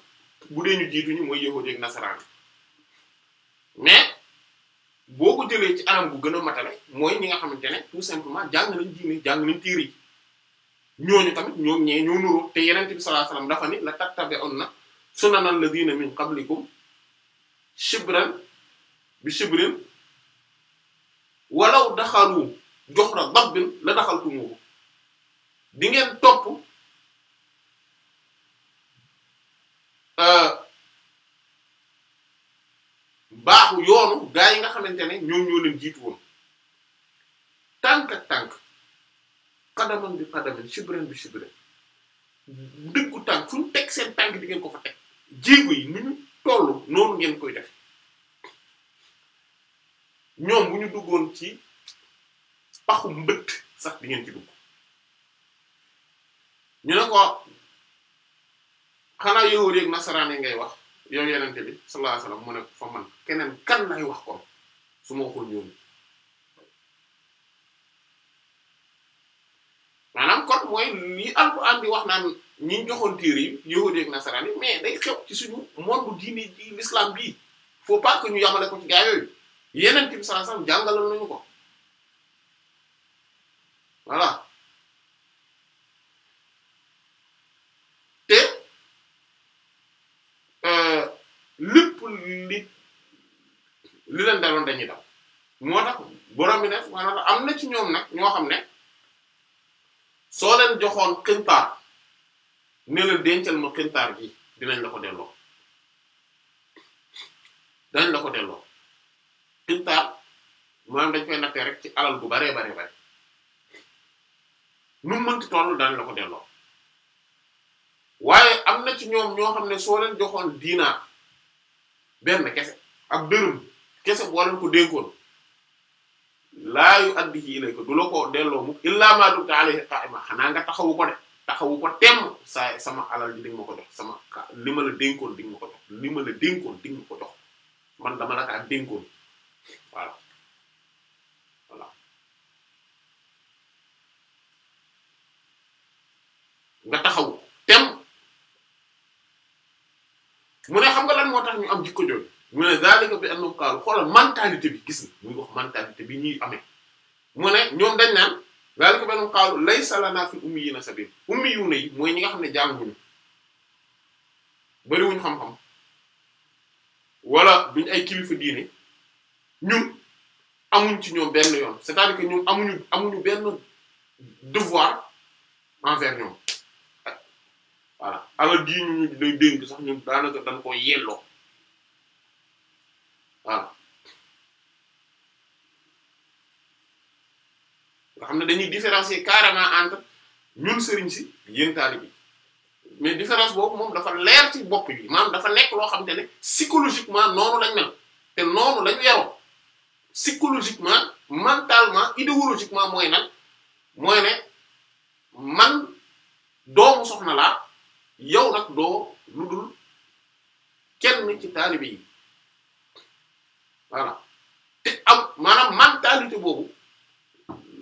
bu dee ñu jiituñu mooy yahuudi ak nasaraan mais boo ko jëlee ci anam bu gën a matale mooy ñi nga xamante ne tout simplement jàng nañ diine jàng nañ téere yi ñooñu tamit ñoom ñee ñoo nuroo te yenente bi sallallahu alayhi wasallam dafa ni la tattabi'unna sunana alladhina min ko shibran bi shibrin walaw daxalu jox ra bi la daxaltumuhu di ngeen topp Euh, baaxu yoonu gaa yi nga xamante ne ñoom ñoo leen jiitu woon tànk tànk xadaman bi xadaman sibren bi sibren dëggu tànk fu ñu teg seen tànk di ngeen ko fa teg jéego yi nu ñu tollu noonu ngeen koy def ñoom bu ñu duggoon ci paxu mbëtt sax di ngeen ci dugg ñu ne ko xanaa yahuud yeeg nasaraan yi ngay wax yow yenente bi sallallahu alayhi mu ne fa man keneen kan lay wax kon su ma maanaam kon mooy li alxuraan bi wax naan ñi ñu joxoon yi yahuud yeeg nasaraan yi mais day xew ci suñu monde diine ji l'islam bii faut pas que ñu yamale ko ci gaa yooyu yenente bi sallallahu alayhi nañu ko voilà kulli li leen daloon dañuy daw moo tax borom bi ne maanaam am na ci ñoom nag ñoo xam ne soo leen joxoon qintaar ne la dencal ma qintaar gi dinañ la ko delloo dinañ la ko delloo qintaar maanaam dañ koy nattee rek ci alal bu baree baree bare nu mënti toll daañu la delloo waaye am na ci ñoom ñoo xam ne soo leen joxoon diinaar benn kese ak dërëm kese boo leen ko dénkoon laa yu addihi ilayka du la ko delloo mukk illaa maa dumta alayhi qaa'ima xanaa nga taxawu ko de taxawu ko temm saa sama alal ji di nga ma ko jox sama li ma la ma ko jox dénkoon di ko jox man dama la kaa dénkoon voilà voilà nga taxawu mu ne xam nga lan moo tax ñu am jikko jooju mu ne zalika bi annahum qaalu xoolal mentalité bi gis nga muy wax mentalité bi ñuy amee mu ne ñoom dañ naan zalika bi annahum qaalu laysa lanaa fil ummiyyiina sabiil ummiyuuna yi mooy ñi nga xam ne jànguñu bariwuñu xam-xam wala duñ ay kilifa diine ñun amuñ ci ñoom benn yoon c'est-à-dire que ñun amuñu benn devoir envers ñoom voilà alal jii ñu ñu day dénk sax ñun daanaka dañ ko yelloo voilà nga xam ne dañuy différencier carrément entre ñun sëriñ si yéen taalibe bi mais différence boobu moom dafa leer ci bopp bi maanaam dafa nekk loo xam ne psychologiquement noonu lañ mel te noonu lañ yaroo psychologiquement mentalement idéologiquement mooy nag mooy ne man doomu soxna laa yow nag doo lu dul kenn ci taalibe yi voilà te am maanaam mentalité boobu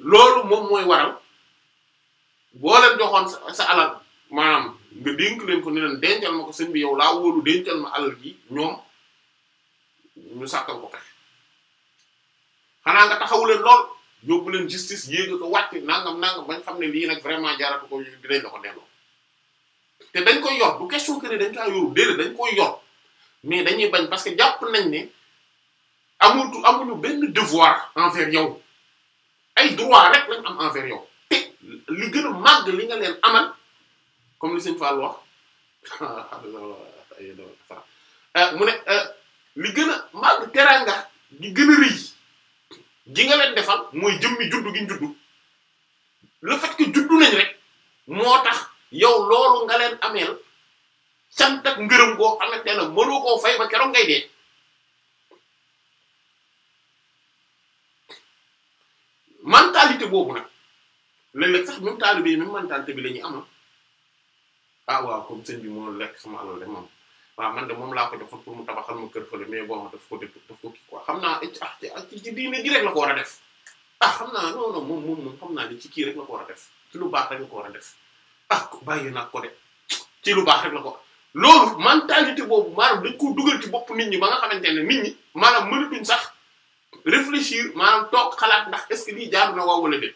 loolu moom mooy waral boo leen joxoon sa sa alal maanaam nga dénk leen ko ni dencal ma ko seen bi yow laa wóolu dencal ma alal gi ñoom ñu sàkkal ko pexe xanaa nga taxawu leen lool yóbbu leen justice yéega ko wàcc nangam nangam bañ xam ne lii nag vraiment jaaratu ko dinañ la ko te dañ koy yor du question que ne dañ kaa yor déedéet dañ koy yor mais dañuy bañ parce que jàpp nañ ne amul amuñu benn devoir envers yow ay droit rek lañ am envers yow te li gën a li nga leen amal comme li sëñ euh, gën a màgg teraanga gi gën a rëy gi nga leen defal mooy jëmmi juddu gi ñu juddu le fait juddu nañ rek moo tax. yow loolu nga leen ameel cant ak ngërëm goo xamante ne mënoo ba keroog ngay boobu nag léeg-léeg sax même taalibe yi bi la ñuy am ah waaw comme sëñ bi moo lekk sama alal de moom waaw man de moom laa ko defoon pour mu tabaxal ma kër fële mais bon daf ko def daf ko kii quoi xam naa ah, ah ci diine ji rek na ko war a def ah xam naa non non moom moom moom xam naa ni ci kii rek la ko war def ci lu baax rek la ko war a def. ah bàyyi naa ko de ci lu baax rek la ko loolu mentalité boobu maanaam dañ koo dugal ci bopp nit ñi ba nga xamante ne nit ñi maanaam mënatuñ sax réfléchir maanaam toog xalaat ndax est-ce que lii jaar na waaw wala déet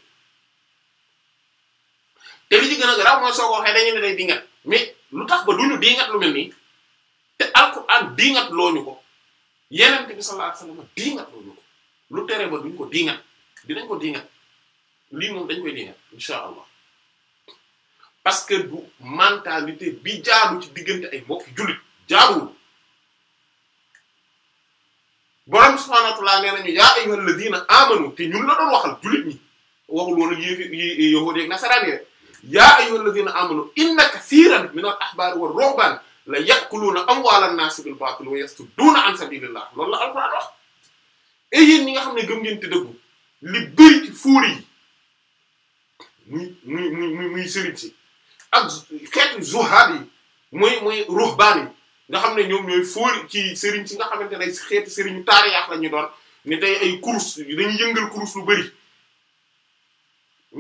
te li ci gën a garaaw soo ko waxee dañu lu tax ba duñu dingat lu mel nii te alquran dingat looñu ko yeneen bi sallallahu ko lu tere ba ko dingat lii moom dañ koy dingat insha allah parce que du mentalité bi jaadu ci diggante ay mbokki jullit jaaduwul borom subhaanahu wa ta'aala nee nañu yaa ayyuhal ladina amanu te ñun la doon waxal jullit ñi waxul woon yéefi yahuud yeeg nasaraan yi yaa ayyuhal ladina amanu inna kasiiran minal ahbaari war ruhbaani la ya'kuluuna amwaalan naasi bil baatil wa yasudduuna an sabiilillah loolu la alxuraan wax et eh, yéen nga xam ne gëm ngeen te dëggu li bëri muy muy muy muy ak xeetu zuhaad yi muy muy ruhbaan yi nga xam ne ñoom ñooy fóori ci sëriñ si nga xamante ne xeetu sëriñu taariyaax la ñu doon ne tey ay kurus dañuy yëngal kurus lu bari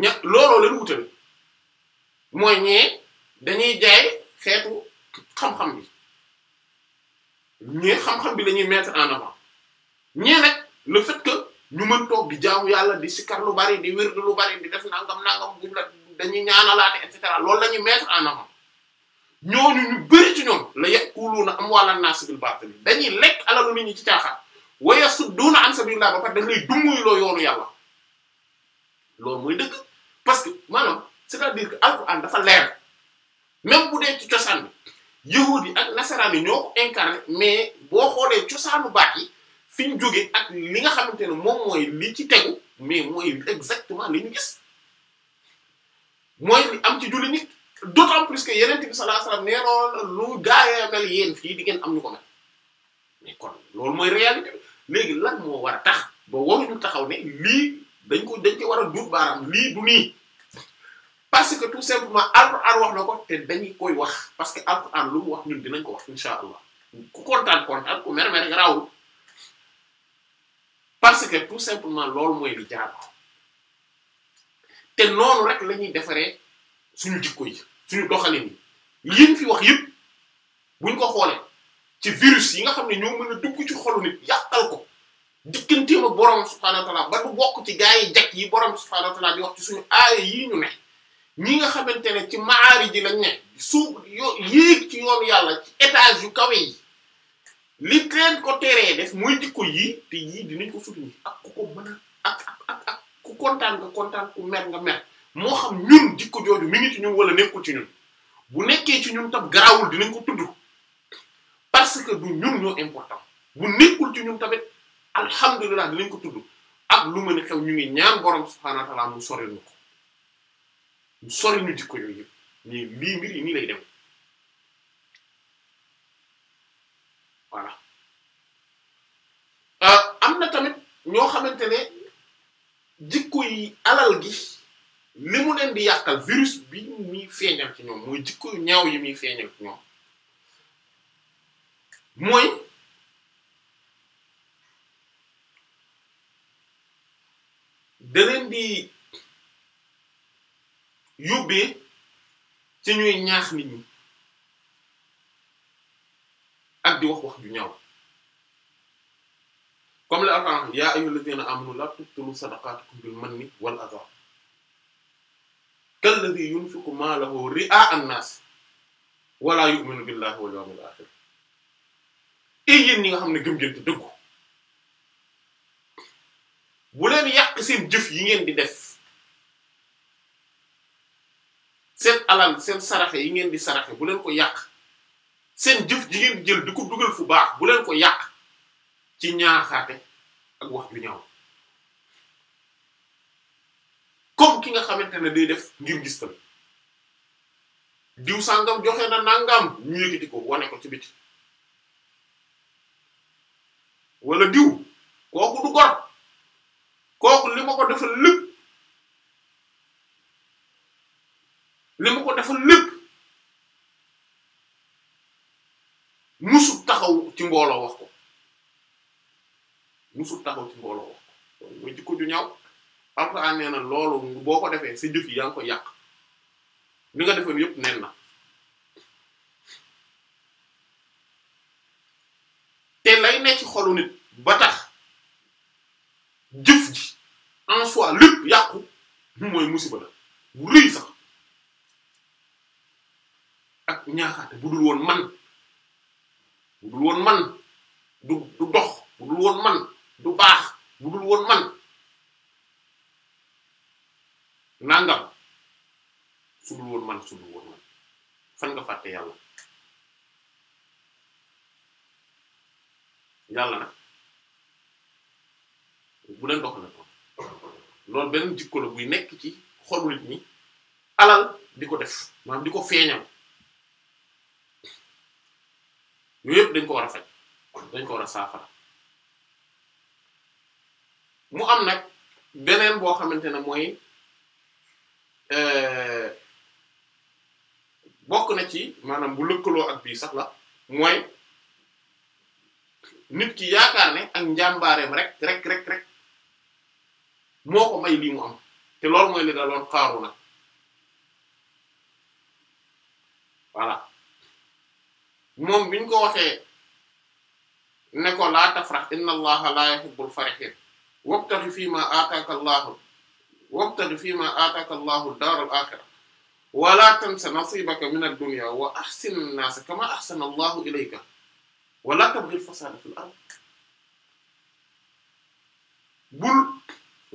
ña looloo leen wutale mooy ñee dañuy jaay xeetu xam-xam bi ñee xam-xam bi la ñuy mettre en avant ñee nag le fait que ñu mën toog di jaamu yàlla di sikar lu bari di wér lu bari di def nangam nangam bu la dañuy ñaanalaate et cetera loolu la ñuy mettre en avant ñooñu ñu bëri ci ñoom la yaquluuna amwaalan naas baax baatil dañuy lekk alalu nit ñi ci caaxaan wa yasudduuna an sabilillah ba pare dañ lay dumuyuloo yoonu yàlla loolu mooy dëkk parce que maanaam c'est-à-dire que alxuraan dafa leer même bu dee ci cosaan bi yahuud yi ak nasaraan yi ñoo ko incarné mais boo xoolee cosaanu baat yi fi ñu jóge ak li nga xamante ne moom mooy li ci tegu mais mooy exactement mooy am ci julli nit d'autant plus que yeneen bi sallallahu alayhi wasallam neeroo lu mel yéen fii di ngeen am ñu ko mel mais loolu mooy réalité léegi lan moo war a tax ba waruñu taxaw ne lii dañ ko dañ ci war a duut baaraam lii du nii parce que tout simplement alquran wax na ko te dañu koy wax parce que alquran lu mu wax ñun dinañ ko wax insha allah ku kontaan kontaan ku mer mer nga raawul parce que tout simplement loolu mooy li jaar te noonu rek lañuy defaree suñu jikko yi suñu doxalin yi liñ fi wax yëpp buñ ko xoolee ci virus yi nga xam ne ñoo mën a dugg ci xolu nit yàqal ko digganteem ak borom subhaanahu wa ci gaa yi jag yi borom subhaanahu wa ta'aala di wax ci suñu aaya yi ñu ne ñi nga xamante ne ci maari ji lañ ne suuf yo yéeg ci yoonu yàlla ci étage yu kawe yi li leen ko teree def mooy jikko yii te yii dinañ ko soutenir ak ku ko mën ak ak ak. kontaan nga kontaan ku mer nga mer moo xam ñun jikko jooju mi ngi ci ñun wala nekkul ci ñun bu nekkee ci ñun tam garaawul dinañ ko tudd parce que du ñun ñoo important bu nekkul ci ñun tamit alhamdulilah dinañ ko tudd ak lu mën a xew ñu ngi ñaan borom subhaanahu wa ta'aala mu sori ñu ko mu jikko yooyu yëpp nii lii nii lay dem voilà euh, am na tamit ñoo xamante ne. jikko yi alal gi li mu leen di yàqal virus bi muy feeñal ci ñoom mooy jikko yu ñaaw yi muy feeñal ci ñoom mooy da bi di yóbbee ci ñuy ñaax nit ñi ak di wax wax ju ñaaw comme la alquran yaa ayyuhallazina amanu la tubtilu sadaqatukum bil manni wal adha kalladhi yunfiqu malahu ri'a an-nas wala yu'minu billahi wal yawmil akhir ay yéen ñi nga xam ne gëm ngeen te dëggu bu leen yàq seen jëf yi ngeen di def seen alal seen saraxe yi ngeen di saraxe bu leen ko yàq seen jëf ji ngeen jël di ko dugal fu baax bu leen ko yàq ci ñaaxaate ak wax ju ñaaw comme ki nga xamante ne day def ngir gis tam diw sàngam joxe na nangam ñu yëkkati ko wane ko ci biti wala diw kooku du gor kooku li ko defal lépp li ma ko defal lépp musu taxaw ci mbooloo wax ko musul taxaw ci mbooloo wax mooy jikko ju ñaaw alxuraan nee na loolu boo ko defee si jëf yi yaa ngi koy yàq li nga defoon yëpp nen na te lay ne ci xolu nit ba tax jëf en soi lépp yàqu mooy musiba la bu rëy sax ak ñaaxaate bu dul woon man bu dul woon man du dox bu dul woon man du baax bu dul woon man nangam su dul woon man su dul woon man fan nga fàtte yàlla yàlla nag bu leen dox na loolu benn jikko la buy nekk ci xolu nit ñi alal di ko def maanaam di ko feeñal yooyu yëpp dañ ko war a faj dañ ko war a saafara mu am nag beneen boo xamante ne mooy euh, bokk na ci maanaam bu lëkkaloo ak bii sax la mooy nit ki yaakaar ne ak njàmbaareem rek rek rek rek moo ko may lii am te loolu mooy li daloon Qaaruna voilà moom biñ ko waxee ne ko laa tafrax inna allaha laa yuhibbul farihin wabtaxi fii ma aataaka allahu wabtaxi fii ma aataaka allahu wala tansa nasibaka min ad-dunya wa axsin an kama axsana allahu ilayka wala tabghi al-fasaada fil ard bul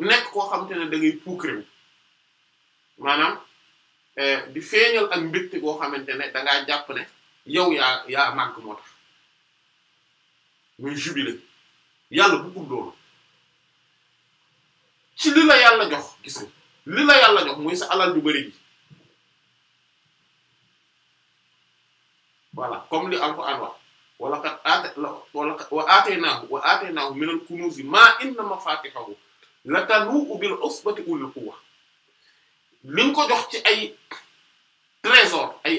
nekk koo xamante ne da ngay puukrew maanaam eh, di feeñal ak mbégte boo xamante ne da ngaa jàpp ne yow yaa yaa màgg moo tax muy jubilé yàlla ci li la yàlla jox gis nga li la yàlla jox muy sa alal ju bari gi voilà comme li alquran wax wala kat aate wala wa aataynaahu wa aataynaahu minal kunuuzi maa inna mafaatihahu latanuu'u bil usbati ulil quwwa li nga ko jox ci ay trésor ay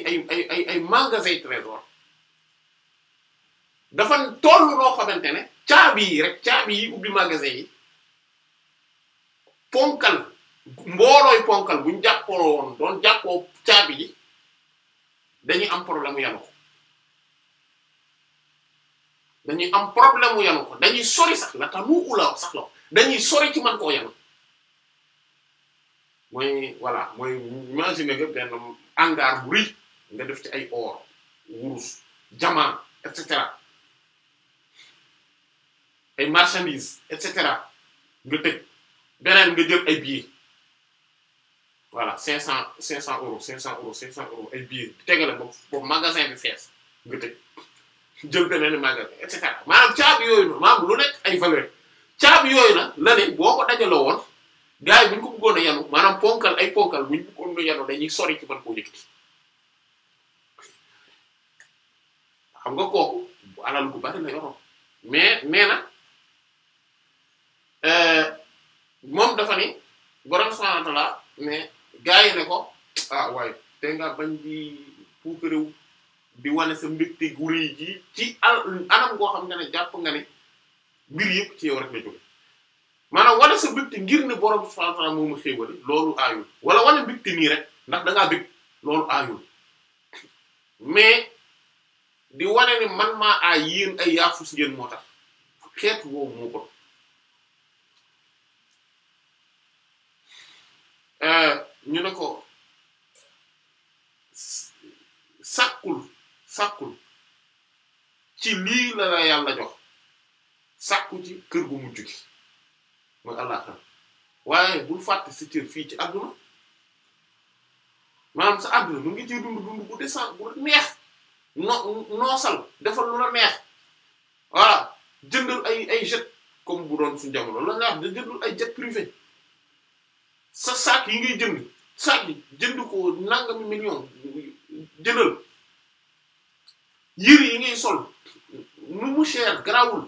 ay magasin trésor dafa toll loo xamante ne caabi yi rek caabi yi ubbi magasin yi ponkal mboolooy ponkal buñ jàppoo woon doon jàppoo caabi yi dañuy am problème yanu ko dañuy am problème yanu ko dañuy sori sax la tax mu sax la dañuy sori ci man koo yanu mooy voilà mooy imaginer nga benn hangar bu rëy nga def ci ay or wurus jamaa et cetera ay marchandises et nga tëj beneen nga jël ay billets voilà 500 500 euros 500 euros 500 euros ay billets tegale ba magasin bi fees nga tëj jël beneen magasin et cetera maanaam caabi yooyu na maanaam lu nekk ay valeur caabi yooyu na la ne boo ko dajaloo woon gars yi bu ñu ko bëggoon a yanu ponkal ay ponkal bu ñu bëggoon a dañuy sori ci ban koo yëkkati xam nga kooku bu alal gu bari la yoroon mais nee na. Euh, moom dafa ni borom subhaanahu mais gaa yi ne ko ah waaye te nga bañ di puukarew di wane sa mbégte gu rëy ji ci anam goo xam nga ne jàpp nga ne mbir yëpp ci yow rek la jóge maanaam wane sa mbégte ngir ne borom subhaanahu wa ta'aala moomu xéewal loolu aayul wala wane mbégte nii rek ndax da ngaa loolu aayul mais di wane ni man maa aay yéen ay yaafus ngeen moo tax xeet woowu moo ko. Euh, ñu ne ko sàkkul sàkkul ci lii la la yàlla jox sàkku ci kër gu mujj gi mooy àllaaxira waaye bul fàtt si cër fii ci àdduna maanaam sa àdduna mu ngi ci dund dund bu descend bu neex no noosal defal lu la neex voilà jëndal ay ay jet comme bu doon suñu jamono la nga wax da ay jet privé sa saak yi ngay jënd saak jënd ko nangami million jëndal yére yi ngay sol nu mu cher garaawul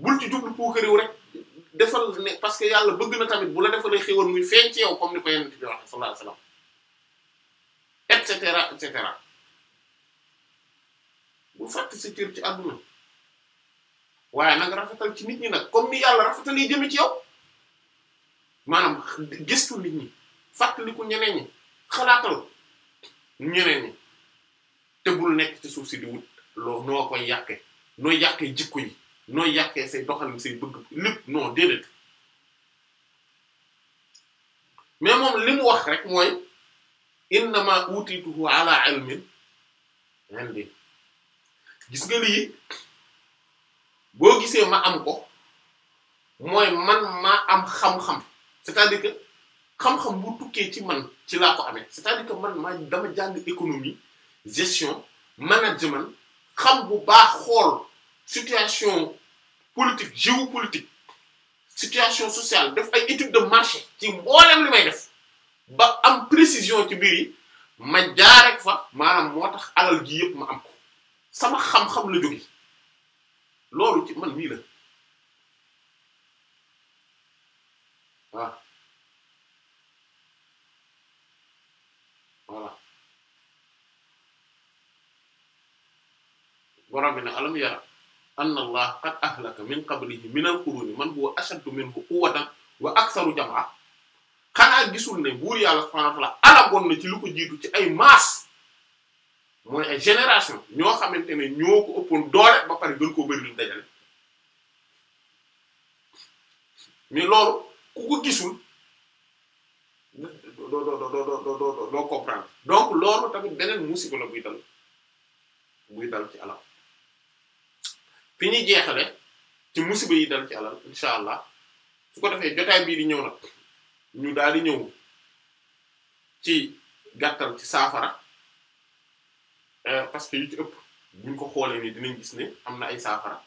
bul ci jublu puukariw rek defal ne parce que yàlla bëgg na tamit bu la defalee xéwal muy feeñ ci yow comme ni ko yonent bi wax sallallahu alayhi wasallam et cetera et cetera bu fàtt si cër ci àdduna waaye nag rafetal ci nit ñi nag comme ni yàlla rafetal yi ci yow maanaam gëstu nit ñi fàttaliku ñeneen ñi xalaatal ñeneen ñi te nekk ci suuf si di wut loo noo koy yàqee nooy yàqee jikko yi nooy yàqee say doxalin say bëgg lépp déedéet mais moom li wax rek mooy innama utiituhu ala ilmin indi gis nga lii boo gisee ma am ko mooy man ma am xam-xam c'est-à-dire que xam-xam bu tukkee ci man ci laa ko amee c'est-à-dire que man maa dama jàng économie gestion management xam bu baax xool situation politique géopolitique situation sociale def ay étude de marché ci mboolem li may def ba am précision ci mbir yi ma jaar rek fa maanaam moo tax alal gi yëpp ma am ko sama xam-xam la jóge loolu ci man mii la Voilà. voilà borom bi ne alam yara anna allah qad ahlaka min qablihi min al-quruni man huwa ashaddu minhu quwwatan wa aktharu jamaa xanaa gisul ne buur yàlla subhaanahu wa alagoon na ci lu ko jiitu ci ay maas mooy ay génération ñoo xamante ne ñoo ko ëppoon doole ba pare gën koo bëri lu dajale mais loolu ku ko gisul doo doo doo doo doo comprendre donc loolu tamit beneen musiba la buy dal buy dal ci alal fi ñuy jeexale ci musiba yi dal ci alal incha allah su ko defee jotaay bii di ñëw nag ñu daal di ñëw ci gàttal ci saafara euh, parce que yu ci ëpp buñ ko xoolee ni dinañ gis ne am na ay saafara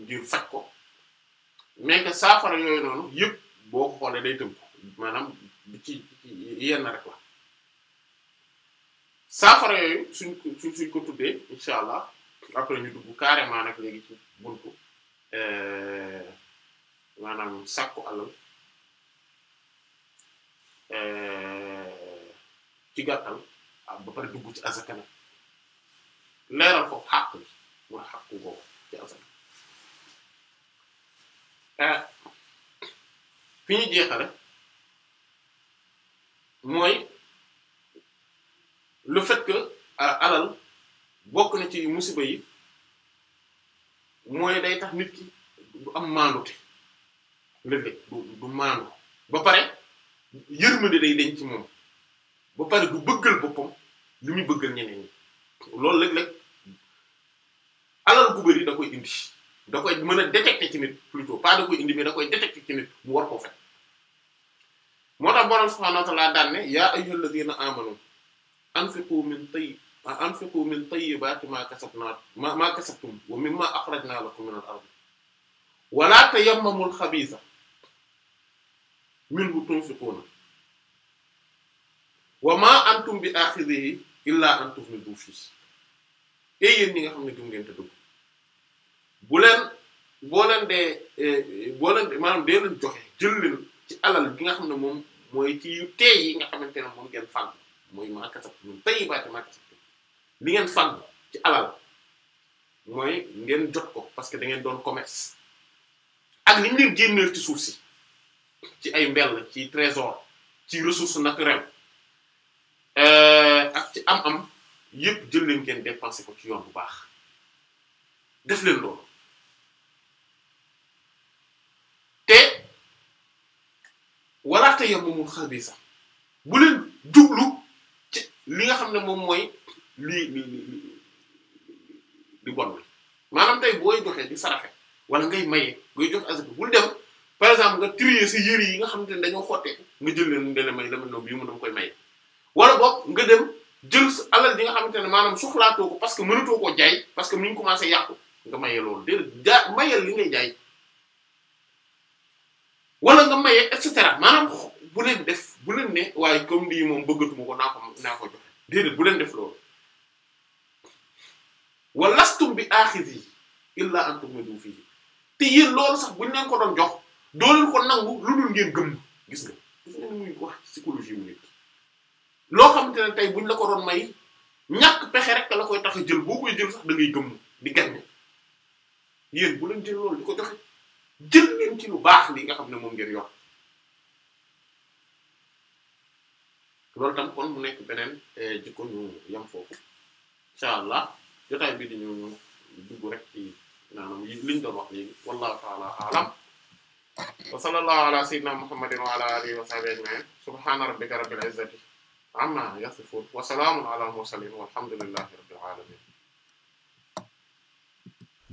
ngir faj ko mais saafara yooyu noonu yëpp boo ko xoolee day tënku maanaam ci yenn rek la saafara yooyu suñ suñ ko tuddee incha allah après ñu dugg carrément nag léegi ci buntu euh, maanaam sàkku alal euh, ci gàttal ah ba pare dugg ci asaka nag leeral ko xàq bi mooy xàq ko ci asaka. Euh, fi ñu jeexale mooy lu fait que euh, alal bokk na ci musiba yi mooy day tax nit ki du am maandute léeg-léeg du du ba pare yërmande day deñ ci moom ba pare du bëggal boppam li muy bëggal ñeneen ñi loolu léeg-léeg alal gu da koy indi da koy mën a détecter ci nit plutôt pas da koy indi mais da koy détecter ci nit mu war koo fekk moo tax borom subhaanahu wa ta'aala daan ne yaa ayyuhallaziina aamanu anfiqu min tayyib anfiqu min tayyibaati maa kasabnaa maa kasabtum wa mimmaa akhrajnaa lakum min al-ardi wa laa tayammamul xabiisa minhu tunfiquuna wa maa antum bi aaxizihi illaa an tufliduu fiihi yéen ñi nga xam ne gëm ngeen dugg bu leen boo leen dee eh, boo leen de maanaam dee leen joxe jël leen ci alal gi nga xam ne moom mooy ci yu tey nga xamante ne moom ngeen fànn mooy maakasab ñun tey baate maakasab li ngeen fànn ci alal mooy ngeen jot ko parce que da ngeen doon commerce ak li ñu leen ci suuf si ci ay mbell ci trésor ci ressource naturelle eh, ak ci am-am yépp jël leen ngeen dépensé ko ci yoon bu baax def leen loolu walaa tayammamul xabiisa bu leen jublu ci li nga xam ne moom mooy lii li li di bon la maanaam tey booy joxe di saraxe wala ngay maye ngay jox azaka bul dem par exemple nga trier sa yëre yi nga xam ne dañoo xotteeku nga jël leen dana may dama noom yi mu dama koy maye wala boog nga dem jël sa alal di nga xamante ne maanaam soxlaatoo ko parce que mënatoo koo jaay parce que mi ngi commencé yàqu nga maye loolu déedéet jaa li ngay jaay wala nga maye et cetera maanaam bu leen def bu leen ne waaye comme lii moom bëggatuma ko naa ko naa ko joxe déedéet bu leen def loolu walastum bi aaxizi illaa an fii fiihi te yéen loolu sax buñ leen ko doon jox doo leen ko nangu lu dul ngeen gëm gis nga gis nga muy wax psychologie wu nit loo xamante ne tey buñ la ko doon may ñàkk pexe rek la koy tax jël boo koy jël sax da ngay gëm di gànne yéen bu leen jël loolu di ko joxe. jël leen ci lu baax li nga xam ne moom ngeen yor loolu tam kon mu nekk beneen eh, jikko ñu yem foofu incha allah jotaay bi di ñu dugg rek ci maanaam liñ doon wax léegi wallahu taala alam wa sallallahu ala sayyidina muhammadin wa ala alihi wa sahbihi ajma'in subhana rabbika rabbil izzati amma yasifun wa salaamun ala al mursalin walhamdulillahi rabbil alamin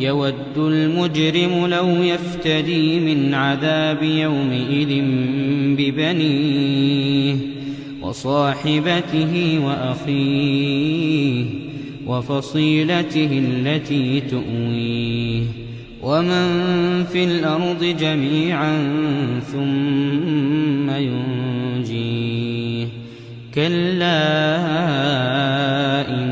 يود المجرم لو يفتدي من عذاب يومئذ ببنيه وصاحبته وأخيه وفصيلته التي تؤويه ومن في الأرض جميعا ثم ينجيه كلا إن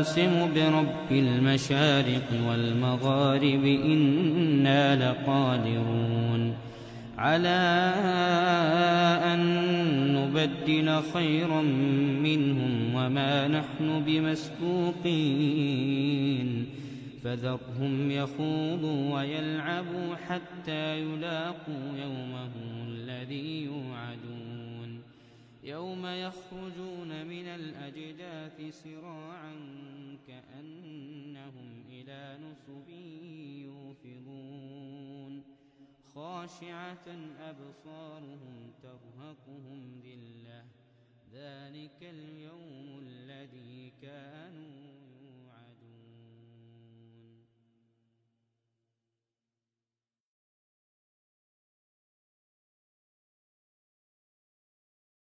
أقسم برب المشارق والمغارب إنا لقادرون على أن نبدل خيرا منهم وما نحن بمسبوقين فذرهم يخوضوا ويلعبوا حتى يلاقوا يومهم الذي يوعدون يوم يخرجون من الأجداث سراعا نصب يوفضون خاشعة أبصارهم ترهقهم ذلة ذلك اليوم الذي كانوا